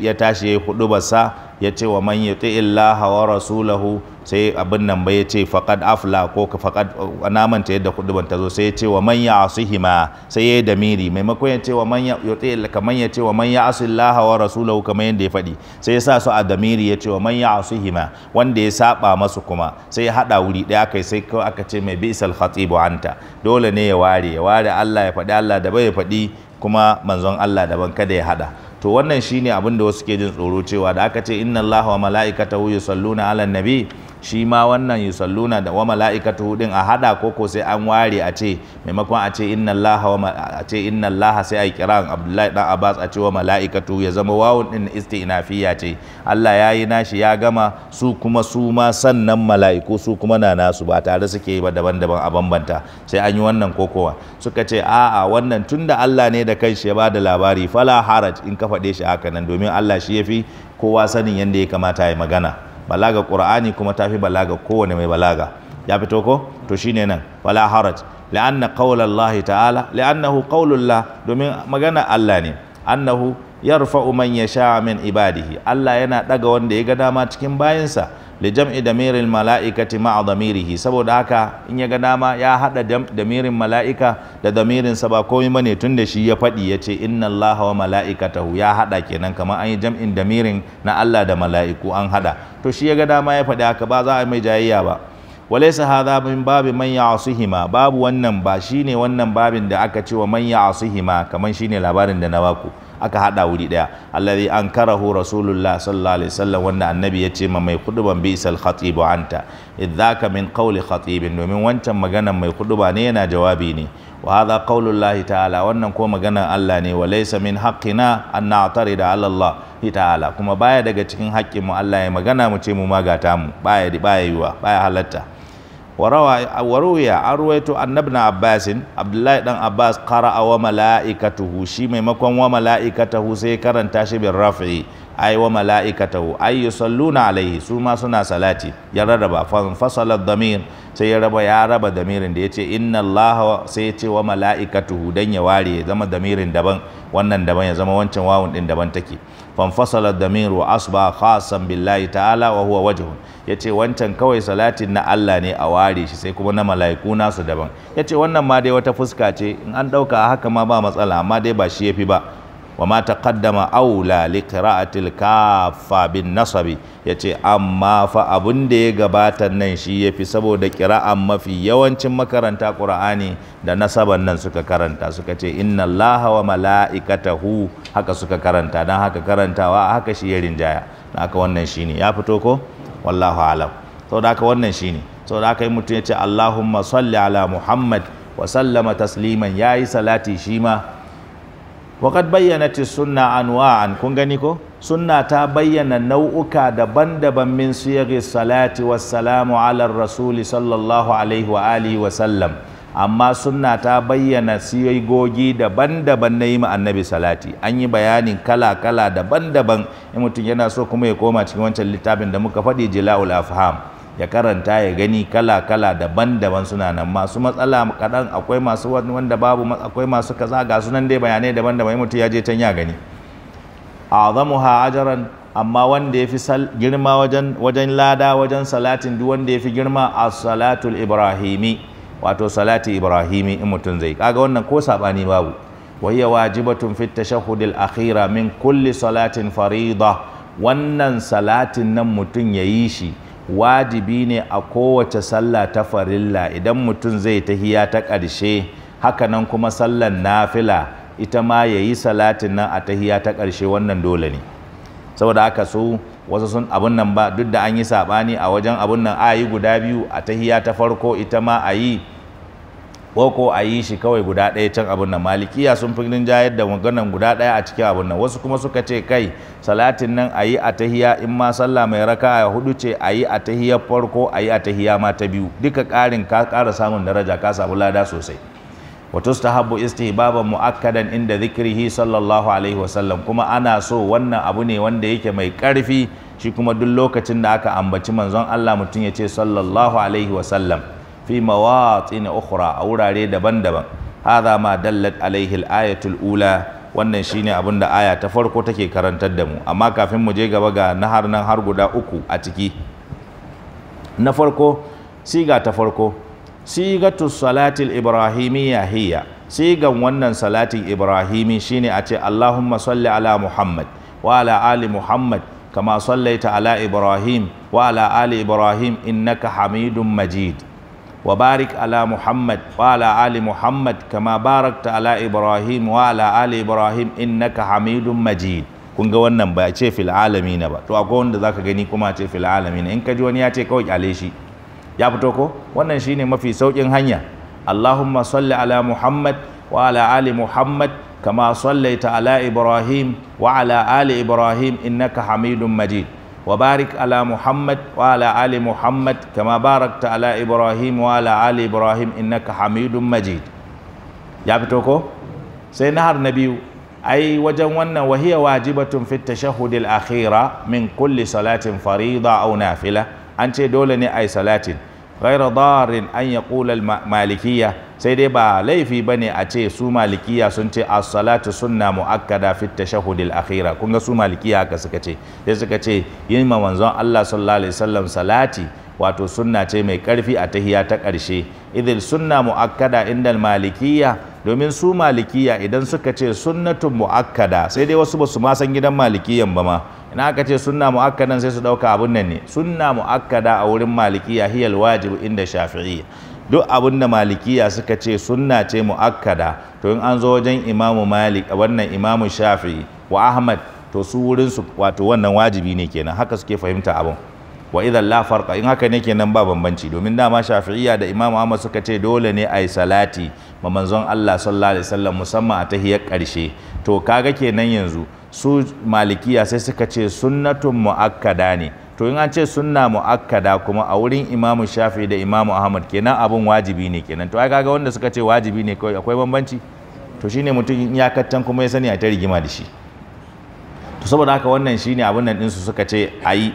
ya tashi ya yi hudubarsa ya ce wa man yuti illaha wa rasulahu sai abin nan ba ya ce faƙad afla ko naman namanta yadda hudubar ta zo sai ya ce wa man hima sai ya yi da miri maimakon ya ce wa man yuti kamar ya ce wa man ya'su wa rasulahu kamar yadda ya faɗi sai ya sa su a da miri ya ce wa man hima wanda ya saba masu kuma sai ya haɗa wuri ɗaya kai sai aka ce mai bi'sal khatibu anta dole ne ya ware ya ware Allah ya faɗi Allah da bai ya faɗi kuma manzon Allah daban kada ya hada to wannan shine abin da wasu ke jin tsoro cewa da aka ce inna Allah wa mala'ikatahu yusalluna 'alan nabi shi ma wannan salluna da wa mala'ikatu din a hada koko sai an ware a ce maimakon a ce inna allaha wa a ce kiran abdullahi dan abbas a ce wa mala'ikatu ya zama wawun din istinafiya ce Allah ya yi nashi ya gama su kuma su ma sannan mala'iku su kuma na nasu ba tare suke yi ba daban-daban a bambanta sai an yi wannan kokowa suka ce a'a wannan tunda Allah ne da kanshi ya da labari fala haraj in ka faɗe shi haka nan domin Allah shi ya fi kowa sanin yadda ya kamata ya magana balaga qur'ani kuma tafi balaga kowane mai balaga ya fito ko to shine nan wala haraj li'anna qawla Allah ta'ala li'annahu qawlullah domin magana Allah ne annahu yarfa'u man yasha min ibadihi Allah yana daga wanda ya ga dama cikin bayinsa li jam'i damiril mala'ikati ma'a damirihi saboda haka in ya ga dama ya hada damirin mala'ika da damirin sa ba komai bane tun da shi ya faɗi ya ce inna allaha wa mala'ikatahu ya haɗa kenan kamar an yi jam'in damirin na Allah da mala'iku an haɗa to shi ya ga dama ya faɗi haka ba za a mai jayayya ba walaysa hadha min babi man ya'suhima babu wannan ba shine wannan babin da aka ce wa man ya'suhima kamar shine labarin da na baku aka hada wuri daya allazi ankarahu rasulullah sallallahu alaihi wasallam wanda annabi ya ce ma mai khutban bisal khatib anta idzaka min qawli khatibin domin wancan maganan mai khutba ne yana jawabi ne wa hadha qaulullahi ta'ala wannan ko maganan Allah ne wa laysa min haqqina an na'tarida ala Allah ta'ala kuma baya daga cikin haƙƙin mu Allah ya magana mu ce mu magata mu baya baya yiwa baya halatta waruya a ruwaito nabna abbasin abdullahi dan abbas kara a wa mala'ikatuhu shi maimakon wa mala'ikatuhu sai karanta shi bin rafi ai wa mala'ikatahu ai yusalluna alaihi su ma suna salati ya rarraba fa fasala damir sai ya raba ya raba damirin da yace inna Allah sai ya ce wa mala'ikatuhu dan ya ware ya zama damirin daban wannan daban ya zama wancan wawun din daban take fanfasala damir wa asba khasan billahi ta'ala wa huwa wajhun yace wancan kawai salatin na Allah ne a ware shi sai kuma na mala'iku nasu daban yace wannan ma dai wata fuska ce in an dauka haka ma ba matsala amma dai ba shi ya fi ba wa ma taqaddama aula li a tilka fabin nasabi yace amma fa abun da ya gabata nan shi yafi saboda qira'an mafi yawancin makaranta Qur'ani da nasaban nan suka karanta suka ce inna Allaha wa mala'ikatahu haka suka karanta dan haka karantawa haka shi ya rinjaya Na aka wannan ne. ya fito ko wallahu alam wannan mutum ya ce wa sallama tasliman yayi salati shi ma waƙad bayyanati sunna anwa'an kun gani ko sunna ta bayyana nau'uka daban-daban min siyari salati wassalamu ala rasuli sallallahu alaihi wa alihi wa sallam amma sunna ta bayyana siyogogi daban-daban na yi annabi salati an yi bayanin kala-kala daban-daban in mutum yana so kuma ya koma cikin wancan littafin da muka faɗi jila'ul afham ya karanta ya gani kala-kala daban-daban suna nan masu matsala kaɗan akwai masu wanda babu akwai masu kaza ga sunan dai bayanai daban-daban mutum ya je can ya gani azamuha ajaran amma wanda ya fi girma wajen wajen lada wajen salatin duk wanda ya fi girma a salatul ibrahimi wato salati ibrahimi in mutum zai kaga wannan ko sabani babu wa hiya wajibatun fit tashahhud akhira min kulli salatin farida wannan salatin nan mutum ya yi shi wajibi ne a kowace sallah ta farilla idan mutum zai tahiya ta ƙarshe hakanan kuma sallan nafila ita ma ya yi salatin nan a tahiya ta ƙarshe wannan dole ne saboda aka so wasu sun abun nan ba duk da an yi saɓani a wajen abun nan a yi guda biyu a tahiya ta farko ita ma a yi ko ko a yi shi kawai guda ɗaya can abin nan malikiya sun fi jayar da maganan guda ɗaya a cikin abin nan wasu kuma suka ce kai salatin nan a yi a tahiya in ma sallah mai raka hudu ce a yi a tahiya farko a yi a tahiya ma ta biyu duka ƙarin ka ƙara samun daraja ka samu lada sosai wa tustahabbu istihbaban muakkadan inda zikirhi sallallahu alaihi wasallam kuma ana so wannan abu ne wanda yake mai ƙarfi shi kuma duk lokacin da aka ambaci manzon Allah mutum ya ce sallallahu alaihi wasallam fi mawatin ukhra a wurare daban-daban hadha ma dallat alaihi al-ayatul ula wannan shine abin da aya ta farko take karantar da mu amma kafin mu je gaba ga nahar nan har guda uku a ciki na farko siga ta farko sigatu salatil ibrahimiyya hiya sigan wannan salatin ibrahimi shine a ce allahumma salli ala muhammad wa ala ali muhammad kama sallaita ala ibrahim wa ala ali ibrahim innaka hamidun majid وبارك على محمد وعلى آل محمد كما باركت على إبراهيم وعلى آل إبراهيم إنك حميد مجيد kun ga wannan ba ce fil alamina ba to akwai wanda zaka gani kuma ce fil alamina in ka ji wani ya ce kawai kyale shi ya fito ko wannan shine mafi saukin hanya Allahumma salli ala Muhammad wa ala ali Muhammad kama sallaita ala Ibrahim wa ala ali Ibrahim innaka Hamidum Majid وبارك على محمد وعلى آل محمد كما باركت على إبراهيم وعلى آل إبراهيم إنك حميد مجيد يا بتوكو سينهر نبي أي وجوانا وهي واجبة في التشهد الأخيرة من كل صلاة فريضة أو نافلة أنت دولني أي صلاة غير ضار أن يقول المالكية sai dai ba laifi ba ne a ce su malikiya sun ce a salatu sunna mu'akkada fi tashahhudil akhira kun ga su malikiya haka suka ce sai suka ce yin ma manzon Allah sallallahu alaihi wasallam salati wato sunna ce mai karfi a tahiya ta karshe idil sunna mu'akkada indal malikiya domin su malikiya idan suka ce sunnatu mu'akkada sai dai wasu basu ma san gidan malikiyan ba ma ina aka ce sunna mu'akkadan sai su dauka abun nan ne sunna mu'akkada a wurin malikiya hiyal wajibu inda shafi'i duk abin da malikiya suka ce sunna ce mu'akkada to in an zo wajen imamu malik wannan imamu shafi wa ahmad to su wurin su wato wannan wajibi ne kenan haka suke fahimta abin wa idan la in haka ne kenan ba bambanci domin dama shafi'iyya da imamu ahmad suka ce dole ne a yi salati ma manzon Allah sallallahu alaihi wasallam musamman a tahiyyar karshe to kaga kenan yanzu su malikiya sai suka ce sunnatun mu'akkada ne to in an ce sunna muakkada kuma a wurin imamu shafi da imamu ahmad kenan abun wajibi ne kenan to ai kaga wanda suka ce wajibi ne kawai akwai bambanci to shine mutum in ya kattan kuma ya sani a ta rigima da shi to saboda haka wannan shine abun nan ɗinsu suka ce ayi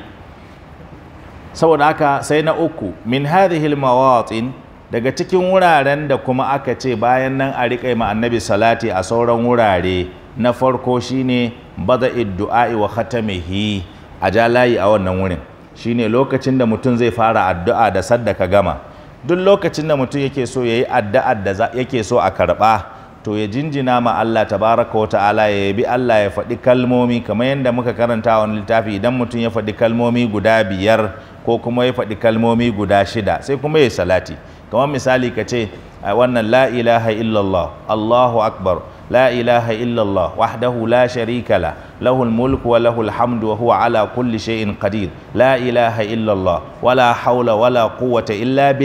saboda haka sai na uku min hadhihi almawatin daga cikin wuraren da kuma aka ce bayan nan a riƙe ma annabi salati a sauran wurare na farko shine bada iddu'a wa khatamihi a ja layi a wannan wurin shine lokacin da mutum zai fara addu'a da saddaka gama duk lokacin da mutum yake so yayi addu'ar da yake so a karɓa to ya jinjina ma Allah tabaraka wa ta'ala ya yabi Allah ya faɗi kalmomi kamar yadda muka karanta wani littafi idan mutum ya faɗi kalmomi guda biyar ko kuma ya faɗi kalmomi guda shida sai kuma ya salati kamar misali ka ce wannan la ilaha illallah Allahu akbar la ilaha illallah wahdahu la sharika له الملك وله الحمد وهو على كل شيء قدير لا إله إلا الله ولا حول ولا قوة إلا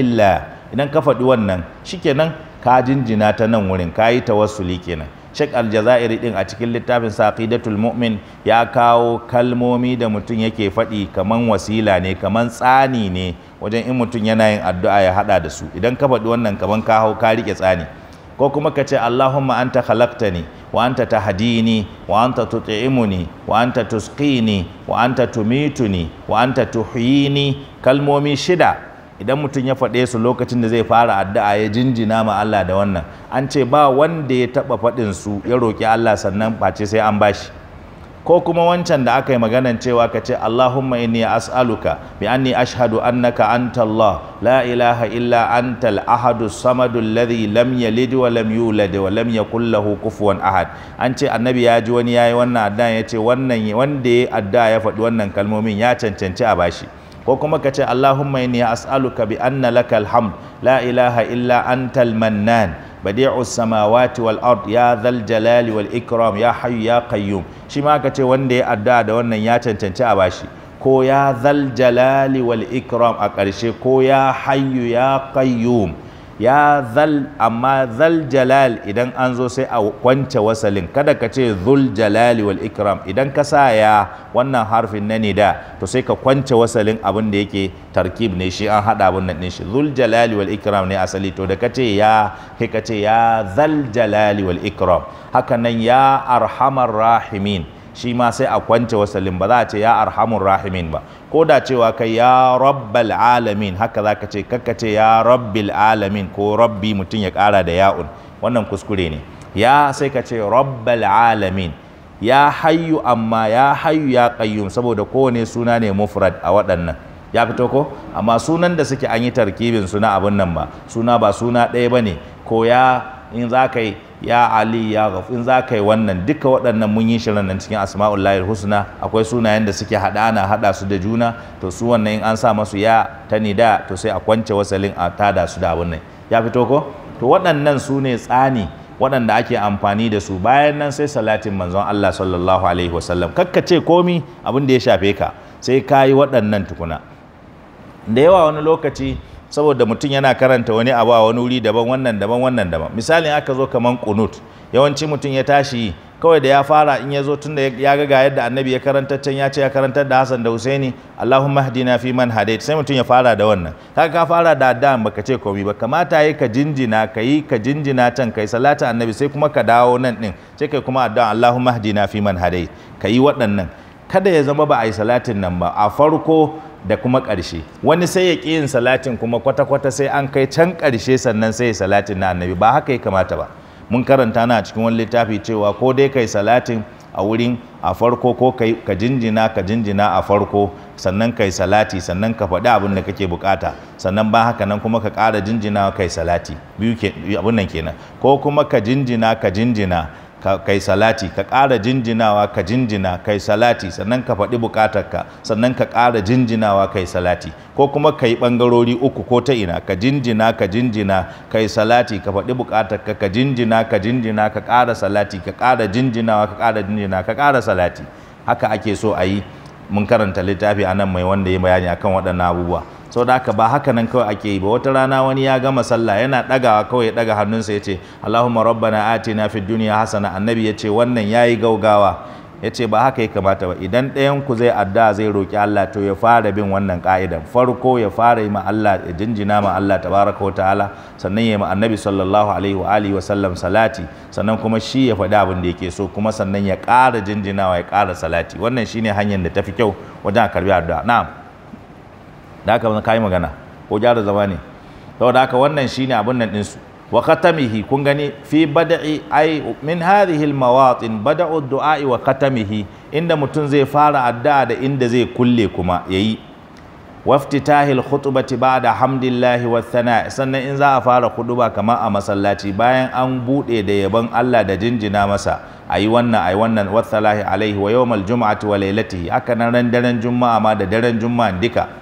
idan ka faɗi wannan shikenan ka jinjina ta nan wurin ka yi tawassuli kenan Sheikh aljaza'ir din a cikin littafin Saqidatul Mu'min ya kawo kalmomi da mutum yake faɗi kaman wasila ne kaman tsani ne wajen in mutum yana yin addu'a ya haɗa da su idan ka faɗi wannan kaman ka hau ka rike tsani ko kuma ka ce Allahumma anta khalaqtani wa anta tahdini wa anta tut'imuni wa anta tusqini wa anta tumituni wa anta tuhyini kalmomi shida idan mutum ya faɗe su lokacin da zai fara addu'a ya jinjina ma Allah da wannan an ce ba wanda ya taɓa faɗin su ya roƙi Allah sannan face sai an bashi ko kuma wancan da aka yi maganan cewa ka ce Allahumma inni as'aluka bi anni ashhadu annaka anta Allah la ilaha illa anta al-ahadu samadu alladhi lam yalid wa lam yulad wa lam yakul lahu kufuwan ahad an ce annabi ya ji wani yayi wannan adda ya ce wannan wanda ya adda ya faɗi wannan kalmomin ya cancanci a bashi ko kuma ka ce Allahumma inni as'aluka bi anna lakal hamd la ilaha illa anta al-mannan badi'us samawati wal ard ya dhal jalali wal ikram ya hayyu ya qayyum shi ma kace wanda ya addu'a da wannan ya cancanci a bashi ko ya dhal jalali wal ikram a ƙarshe ko ya hayyu ya qayyum ya zal amma zal jalal idan an zo sai a kwance wasalin kada ka ce zul jalali wal ikram idan ka sa ya wannan harfin na nida to sai ka kwance wasalin abin da yake tarkib ne shi an hada abin nan shi zul jalali wal ikram ne asali to da ka ce ya kai ka ce ya zal jalali wal ikram haka nan ya arhamar rahimin shi ma sai a kwance wasalin ba za a ce ya arhamun rahimin ba ko da cewa kai ya rabbal alamin haka za ka ce kakka ce ya rabbil alamin ko rabbi mutum ya kara da ya'un wannan kuskure ne ya sai ka ce rabbal alamin ya hayyu amma ya hayyu ya kayyum saboda kowane suna ne mufrad a waɗannan ya fito ko amma sunan da suke an yi tarkibin suna abin nan ba suna ba suna ɗaya ba ne ko ya in za ka yi ya ali ya ghaf in za ka yi wannan duka waɗannan mun yi shirin nan cikin asma'ul lahil husna akwai sunayen da suke haɗa ana haɗa su da juna to su wannan in an sa masu ya ta nida to sai a kwance wasalin a tada su da abin ya fito ko to waɗannan su ne tsani waɗanda ake amfani da su bayan nan sai salatin manzon Allah sallallahu alaihi wasallam kakka ce komi abin da ya shafe ka sai ka yi waɗannan tukuna da yawa wani lokaci saboda mutum yana karanta wani abu a wani wuri daban wannan daban wannan daban misalin aka zo kaman kunut yawanci mutum ya tashi kawai da ya fara in ya zo tun da ya ga ga yadda annabi ya karanta can ya ce ya karantar da hasan da Husaini Allahumma hadina fi man hadait sai mutum ya fara da wannan kaga ka fara da ba ka ce komai ba kamata yi ka jinjina kai ka jinjina can kai salata annabi sai kuma ka dawo nan din sai kai kuma addu'a Allahumma hadina fi man hadait kai waɗannan kada ya zama ba a yi salatin nan ba a farko da kuma ƙarshe wani sai ya ƙi yin salatin kuma kwata-kwata sai an kai can ƙarshe sannan sai salatin na annabi ba haka ya kamata ba mun karanta na cikin wani littafi cewa ko dai kai salatin a wurin a farko ko ka jinjina ka jinjina a farko sannan kai salati sannan ka faɗi abin da kake bukata sannan ba haka nan kuma ka ƙara jinjina kai salati abin nan kenan ko kuma ka jinjina ka jinjina kai salati ka ƙara jinjinawa ka jinjina kai salati sannan ka faɗi buƙatarka sannan ka ƙara jinjinawa kai salati ko kuma ka yi ɓangarori uku ko ta ina ka jinjina ka jinjina kai salati ka faɗi buƙatarka ka jinjina ka jinjina ka ƙara salati ka ƙara jinjinawa ka ƙara jinjina ka ƙara salati haka ake so a yi mun karanta littafi a nan mai wanda ya bayani akan waɗannan abubuwa sau da haka ba haka nan kawai ake yi ba wata rana wani ya gama sallah yana ɗagawa kawai ya ɗaga hannunsa ya ce allahumma rabbana na fi duniya hasana annabi ya ce wannan ya yi gaugawa ya ce ba haka ya kamata ba idan ɗayan ku zai adda zai roƙi Allah to ya fara bin wannan ka'idan farko ya fara yi ma Allah ya jinjina ma Allah tabaraka wa ta'ala sannan ya yi ma annabi sallallahu alaihi wa alihi wa sallam salati sannan kuma shi ya faɗi abin da ya ke so kuma sannan ya ƙara jinjinawa ya ƙara salati wannan shi ne hanyar da ta fi kyau wajen karbi addu'a na'am da haka ka yi magana ko gyara zama ne saboda haka wannan shine abin nan ɗinsu wa khatamihi kun gani fi bada'i ai min hadhihi almawatin bada'u du'a'i wa khatamihi inda mutum zai fara addu'a da inda zai kulle kuma yayi waftitahi alkhutbati ba'da hamdillahi wa thana sannan in za a fara khutba kamar a masallaci bayan an bude da yabon Allah da jinjina masa ayi wannan ayi wannan wassalahi alaihi wa yawmal jum'ati wa lailatihi haka nan ran daren juma'a ma da daren juma'a duka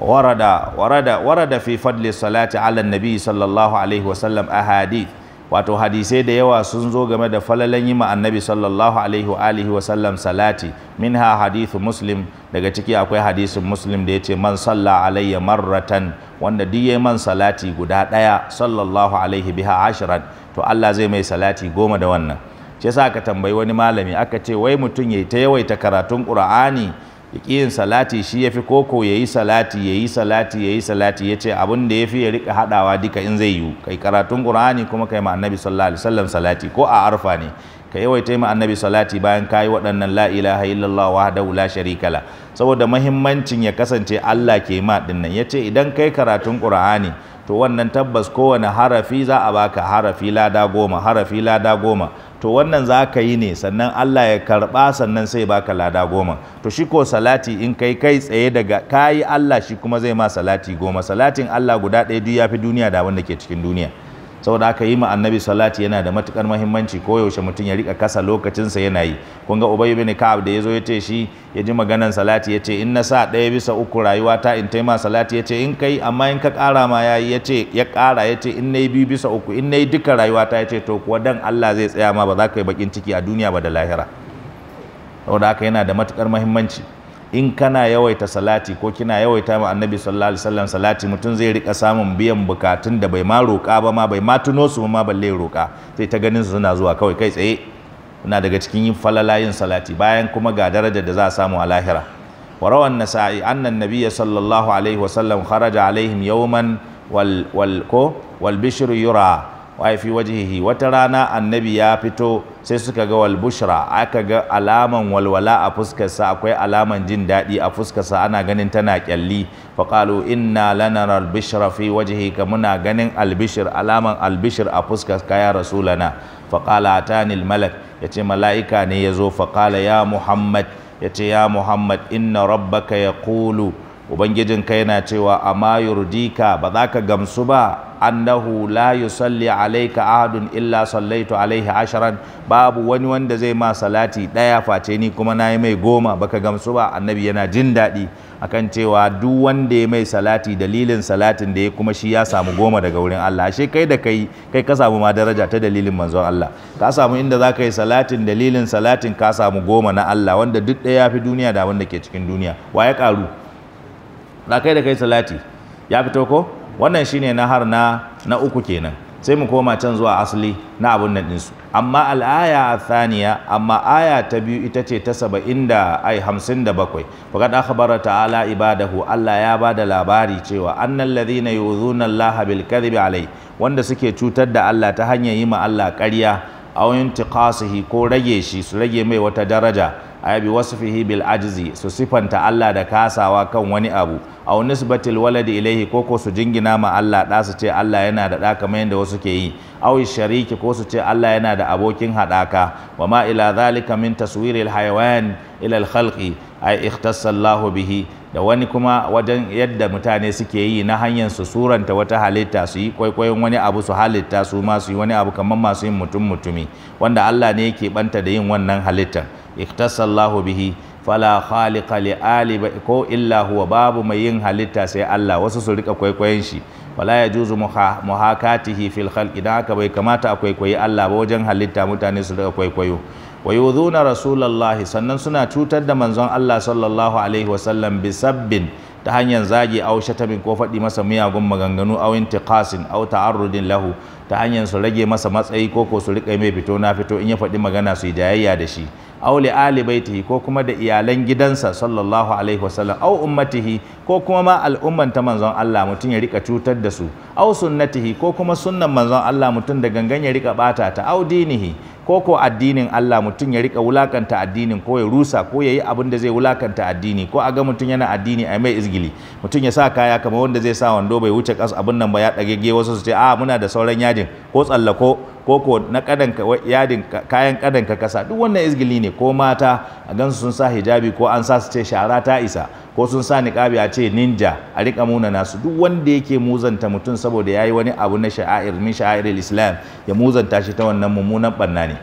warada warada warada fi fadli salati ala nabi sallallahu alaihi wasallam ahadith wato hadisai da yawa sun zo game da falalan yi annabi sallallahu alaihi wa sallam salati minha hadithu muslim daga ciki akwai hadisin muslim da ya ce man salla alayya marratan wanda duk yayi man salati guda ɗaya sallallahu alaihi biha ashran to Allah zai mai salati goma da wannan shi yasa ka tambayi wani malami aka ce wai mutum ya yi ta yawaita karatun qur'ani yin salati shi ya fi koko ya yi salati ya yi salati ya yi salati ya ce abin da ya fi ya riƙa haɗawa duka in zai yiwu kai karatun ƙur'ani kuma kai ma annabi sallallahu alaihi wasallam salati ko a arfa ne ka yawaita ma annabi salati bayan ka yi waɗannan la ilaha illallah wahdahu la sharika la saboda mahimmancin ya kasance Allah ke ma dinnan ce idan kai karatun ƙur'ani to wannan tabbas kowane harafi za a baka harafi lada goma harafi lada goma to wannan za ka yi ne sannan Allah ya karɓa sannan sai baka lada goma to shi ko salati in kai kai tsaye daga kayi Allah shi kuma zai ma salati goma salatin Allah guda ɗaya duk ya fi duniya da wanda ke cikin duniya saboda aka yi ma annabi salati yana da matukar muhimmanci ko yaushe mutum ya rika kasa lokacinsa yana yi kun ga ubay ibn ka'ab da yazo yace shi ya ji maganan salati yace in na sa daya bisa uku rayuwa ta in taima salati yace in kai amma in ka kara ma yayi yace ya ƙara yace in nayi biyu bisa uku in nayi duka rayuwa ta yace to kuwa dan Allah zai tsaya ma ba za ka yi bakin ciki a duniya ba da lahira saboda aka yana da matukar muhimmanci in kana yawaita salati ko kina yawaita ma annabi sallallahu alaihi wasallam salati mutum zai rika samun biyan bukatun da bai ma roƙa ba ma bai ma tuno su ma balle roka sai ta ganin su suna zuwa kawai kai tsaye ina daga cikin yin falalayin salati bayan kuma ga darajar da za a samu a lahira wa rawan nasa'i anna annabi sallallahu alaihi wasallam kharaja alaihim yawman wal wal ko wal bishru yura Waifi fi wata rana annabi ya fito sai suka ga wal aka ga alaman walwala a fuskarsa akwai alaman jin daɗi a fuskarsa ana ganin tana kyalli fa qalu inna lanara al fi wajhika muna ganin albishir. alaman albishir a fuskarka ya rasulana fa qala atani malak yace malaika ne yazo fa qala ya muhammad yace ya muhammad inna rabbaka yaqulu ubangijinka yana cewa amma yurdika ba za ka gamsu ba annahu la yusalli alayka ahadun illa sallaitu alaihi asharan babu wani wanda zai ma salati daya face ni kuma nayi mai goma baka gamsu ba annabi yana jin daɗi akan cewa duk wanda ya mai salati dalilin salatin da ya kuma shi ya samu goma daga wurin Allah ashe kai da kai kai ka samu ma daraja ta dalilin manzon Allah ka samu inda zaka yi salatin dalilin salatin ka samu goma na Allah wanda duk daya ya fi duniya da wanda ke cikin duniya wa ya karu da kai da kai salati ya fito ko wannan shine nahar na na uku kenan sai mu koma can zuwa asali na abun nan ɗinsu amma al'aya thaniya amma aya ta biyu ita ce ta saba'in da ai hamsin da bakwai faƙad akhbara ta'ala ibadahu Allah ya ba da labari cewa annal ladhina yu'dhuna Allah bil kadhibi alai wanda suke cutar da Allah ta hanyar yi ma Allah ƙarya aw intiqasihi ko rage shi su rage mai wata daraja Abi bi wasfihi bil ajzi su sifanta Allah da kasawa kan wani abu aw nisbatil waladi ilaihi ko ko su jingina ma Allah da su ce Allah yana da da kamar yadda wasu ke yi aw shariki ko su ce Allah yana da abokin hadaka wa ma ila zalika min taswiril hayawan ila al khalqi ay ikhtassa Allah bihi da wani kuma wajen yadda mutane suke yi na hanyar su suranta wata halitta su yi kwaikwayon wani abu su halitta su ma su yi wani abu kamar masu yin mutum mutumi wanda Allah ne yake banta da yin wannan halittar iktasallahu bihi fala khaliqa li ali ko illa huwa babu mai yin halitta sai Allah wasu su rika kwaikwayon shi wala yajuzu muhakatihi fil khalqi dan haka bai kamata a kwaikwayi Allah ba wajen halitta mutane su rika kwaikwayo wa yudhuna rasulullahi sannan suna cutar da manzon Allah sallallahu alaihi wasallam bisabbin ta hanyar zagi au shatamin ko faɗi masa miyagun maganganu aw intiqasin au ta'arrudin lahu ta hanyar su rage masa matsayi ko ko su riƙa mai fito na fito in ya faɗi magana su yi jayayya da shi Aule li ali ko kuma da iyalan gidansa sallallahu alaihi wasallam au ummatihi ko kuma ma al'umman ta manzon Allah mutum ya rika cutar da su au sunnatihi ko kuma sunnan manzon Allah mutum da gangan ya rika bata ta au dinihi ko ko addinin Allah mutum ya rika wulakanta addinin ko ya rusa ko ya yi abin da zai wulakanta addini ko a ga mutum yana addini a mai izgili mutum ya sa kaya kamar wanda zai sa wando bai wuce kas abin nan ba ya ɗage wasu su ce a ah, muna da sauran yajin ko tsallako koko na kadan ka yadin kayan kadan ka kasa duk wannan izgili ne ko mata a gansu sun sa hijabi ko an sa su ce shara ta isa ko sun sa niqabi a ce ninja a rika muna nasu duk wanda yake muzanta mutum saboda yayi wani abu na sha'air min sha'airil islam ya muzanta shi ta wannan mummunan banna ne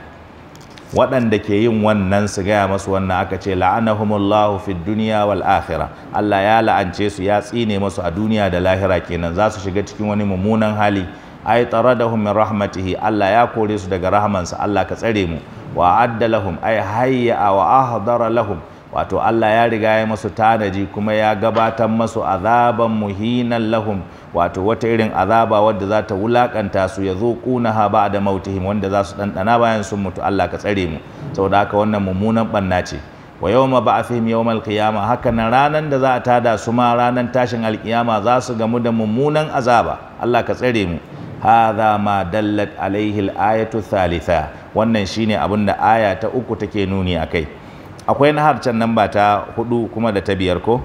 waɗanda ke yin wannan su gaya masu wannan aka ce la'anahumullahu fid duniya wal akhirah Allah ya la'ance su ya tsine masu a duniya da lahira kenan za su shiga cikin wani mummunan hali ay taradahum min rahmatihi Allah ya kore su daga rahamansa Allah ka tsare mu wa adda lahum hayya wa ahdara lahum wato Allah ya riga ya masu tanaji kuma ya gabatar masu azaban muhinan lahum wato wata irin azaba wadda za ta wulakanta su ya zo ƙunaha ba da mautihim wanda za su ɗanɗana bayan sun mutu Allah ka tsare mu saboda haka wannan mummunan ɓanna ce wa yawma ba'athihim yawm alqiyama haka nan ranan da za a tada su ma ranan tashin alkiyama za su gamu da mummunan azaba Allah ka tsare mu hadha ma dallat alaihi al-ayatu thalitha wannan shine abin da aya ta uku take nuni akai akwai nahar can nan ba ta hudu kuma da ta biyar ko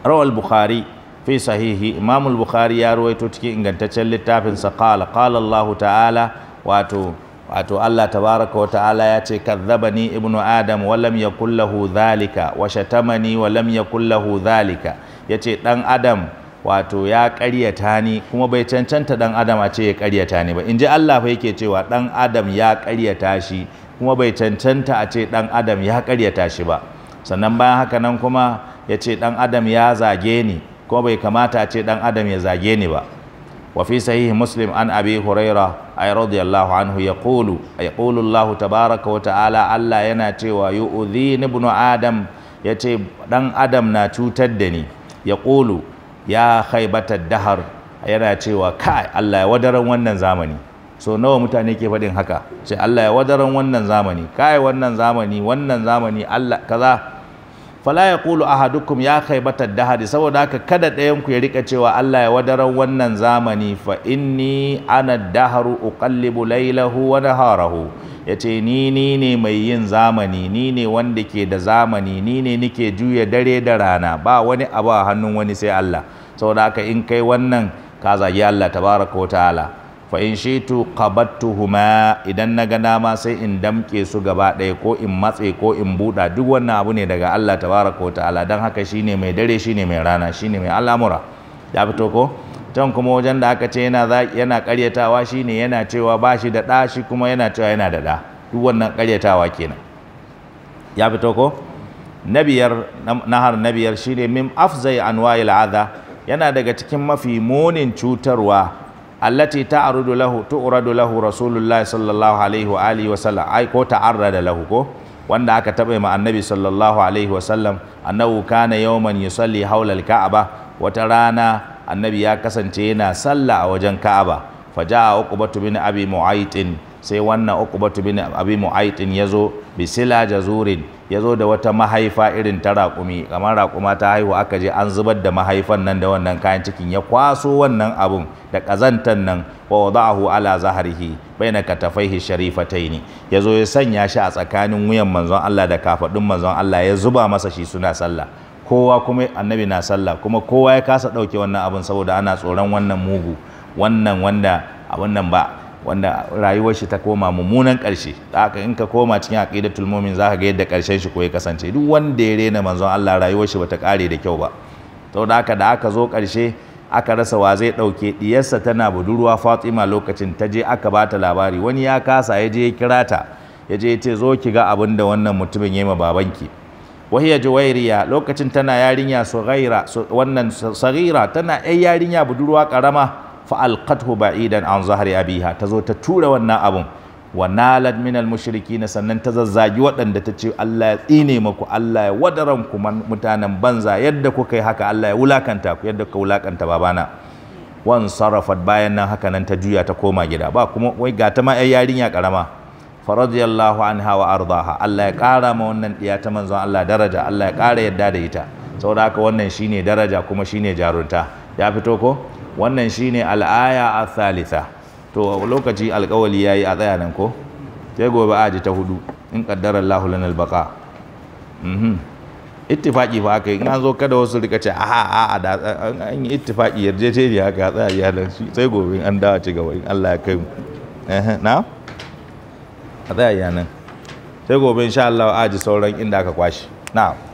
rawal bukhari fi sahihi imam al-bukhari ya ruwaito cikin ingantaccen littafin sa qala qala Allah ta'ala wato wato Allah tabaraka wa ta'ala ya ce kazzabani ibnu adam wa lam yakul lahu dhalika wa shatamani wa lam yakul lahu dhalika yace dan adam wato ya ƙaryata ni kuma bai cancanta ɗan adam a ce ya ƙaryata ni ba in ji Allah fa yake cewa ɗan adam ya ƙaryata shi kuma bai cancanta a ce ɗan adam ya ƙaryata shi ba sannan bayan haka nan kuma ya ce ɗan adam ya zage ni kuma bai kamata a ce ɗan adam ya zage ni ba wa fi sahih muslim an abi huraira ay radiyallahu anhu yaqulu yaqulu Allah tabaraka wa ta'ala Allah yana cewa yu'dhi ibnu adam yace ɗan adam na cutar da ni yaqulu ya haibatar dahar yana cewa kai Allah ya wadaran wannan zamani so nawa mutane ke faɗin haka sai Allah ya wadaran wannan zamani kai wannan zamani wannan zamani Allah kaza fala ya kulu ahadukum ya khaibatar dahari saboda haka kada ɗayan ku ya rika cewa Allah ya wadarar wannan zamani fa inni ana daharu uqallibu lailahu wa naharahu yace ni ni ne mai yin zamani ni ne wanda ke da zamani ni ne nike juya dare da rana ba wani abu a hannun wani sai Allah saboda haka in kai wannan ka zagi Allah tabaraka wa ta'ala fa in shitu huma idan na ga dama sai in damke su gaba ɗaya ko in matse ko in buɗa duk wannan abu ne daga Allah tabaraka ko ta'ala dan haka shine mai dare shine mai rana shine mai al'amura ya fito ko can kuma wajen da aka ce yana yana ƙaryatawa shine yana cewa ba shi da ɗa shi kuma yana cewa yana da ɗa duk wannan ƙaryatawa kenan ya fito ko na biyar nahar na biyar shine mim afzai anwa'il adha yana daga cikin mafi munin cutarwa allati ta'arudu lahu tu'radu lahu rasulullah sallallahu alaihi wa wa sallam ko ta'arrada lahu ko wanda aka taɓa ma annabi sallallahu alaihi wa sallam annahu kana yawman yusalli hawla al-ka'aba wata rana annabi ya kasance yana sallah a wajen ka'aba faja'a uqbatu bin abi mu'aytin sai wannan uqbatu bin abi mu'aitin yazo bi sila jazurin yazo da wata mahaifa irin ta raƙumi kamar raƙuma ta haihu aka je an zubar da mahaifan nan da wannan kayan cikin ya kwaso wannan abun da ƙazantan nan wa wada'ahu ala zahrihi baina katafaihi sharifataini ne ya zo ya sanya shi a tsakanin wuyan manzon Allah da kafadun manzon Allah ya zuba masa shi suna sallah kowa kuma annabi na sallah kuma kowa ya kasa ɗauke wannan abun saboda ana tsoron wannan mugu wannan wanda abun nan ba wanda rayuwar shi ta koma mummunan ƙarshe haka in ka koma cikin aqidatul mu'min zaka ga yadda ƙarshen shi ko ya kasance duk wanda ya rena manzon Allah rayuwar shi ta kare da kyau ba saboda haka da aka zo ƙarshe aka rasa wa zai ɗauke diyarsa tana budurwa Fatima lokacin ta je aka bata labari wani ya kasa ya je ya kira ta ya je ya ce zo ki ga abin da wannan mutumin ya yi ma babanki wahiya juwairiya lokacin tana yarinya sugaira wannan sagira tana yan yarinya budurwa karama fa alqathu ba'idan an zahri abiha tazo ta tura wannan abun wa nalat min al sannan ta zazzagi waɗanda ta ce Allah ya tsine maku. Allah ya wadaran ku mutanen banza yadda kuka yi haka Allah ya wulakanta ku yadda kuka wulakanta babana wan sarafat bayan nan haka ta juya ta koma gida ba kuma wai ga ta ma ai yarinya karama faradiyallahu anha wa ardaha Allah ya kara ma wannan ɗiya ta manzon Allah daraja Allah ya kara yadda da ita saboda haka wannan shine daraja kuma shine jarunta ya fito ko wannan shi ne al'aya a thalitha to lokaci alkawali yi a tsaya nan ko sai gobe aji ta hudu in kaddara Allahu lana albaka ittifaki mhm. ittifaqi fa yi in an zo kada wasu rika ce aha a a da an yi ce ne haka tsaya ya nan sai gobe an dawo ci gaba in Allah ya kai mu na a tsaya ya nan sai gobe insha Allah aji sauran inda aka kwashi na'am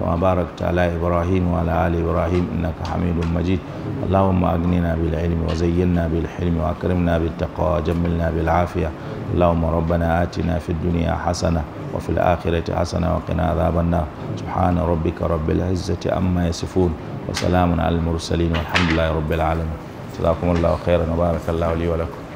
كما باركت على إبراهيم وعلى آل إبراهيم إنك حميد مجيد اللهم أغننا بالعلم وزينا بالحلم وأكرمنا بالتقوى وجملنا بالعافية اللهم ربنا آتنا في الدنيا حسنة وفي الآخرة حسنة وقنا عذاب النار سبحان ربك رب العزة أما يصفون وسلام على المرسلين والحمد لله رب العالمين جزاكم الله خيرا وبارك الله لي ولكم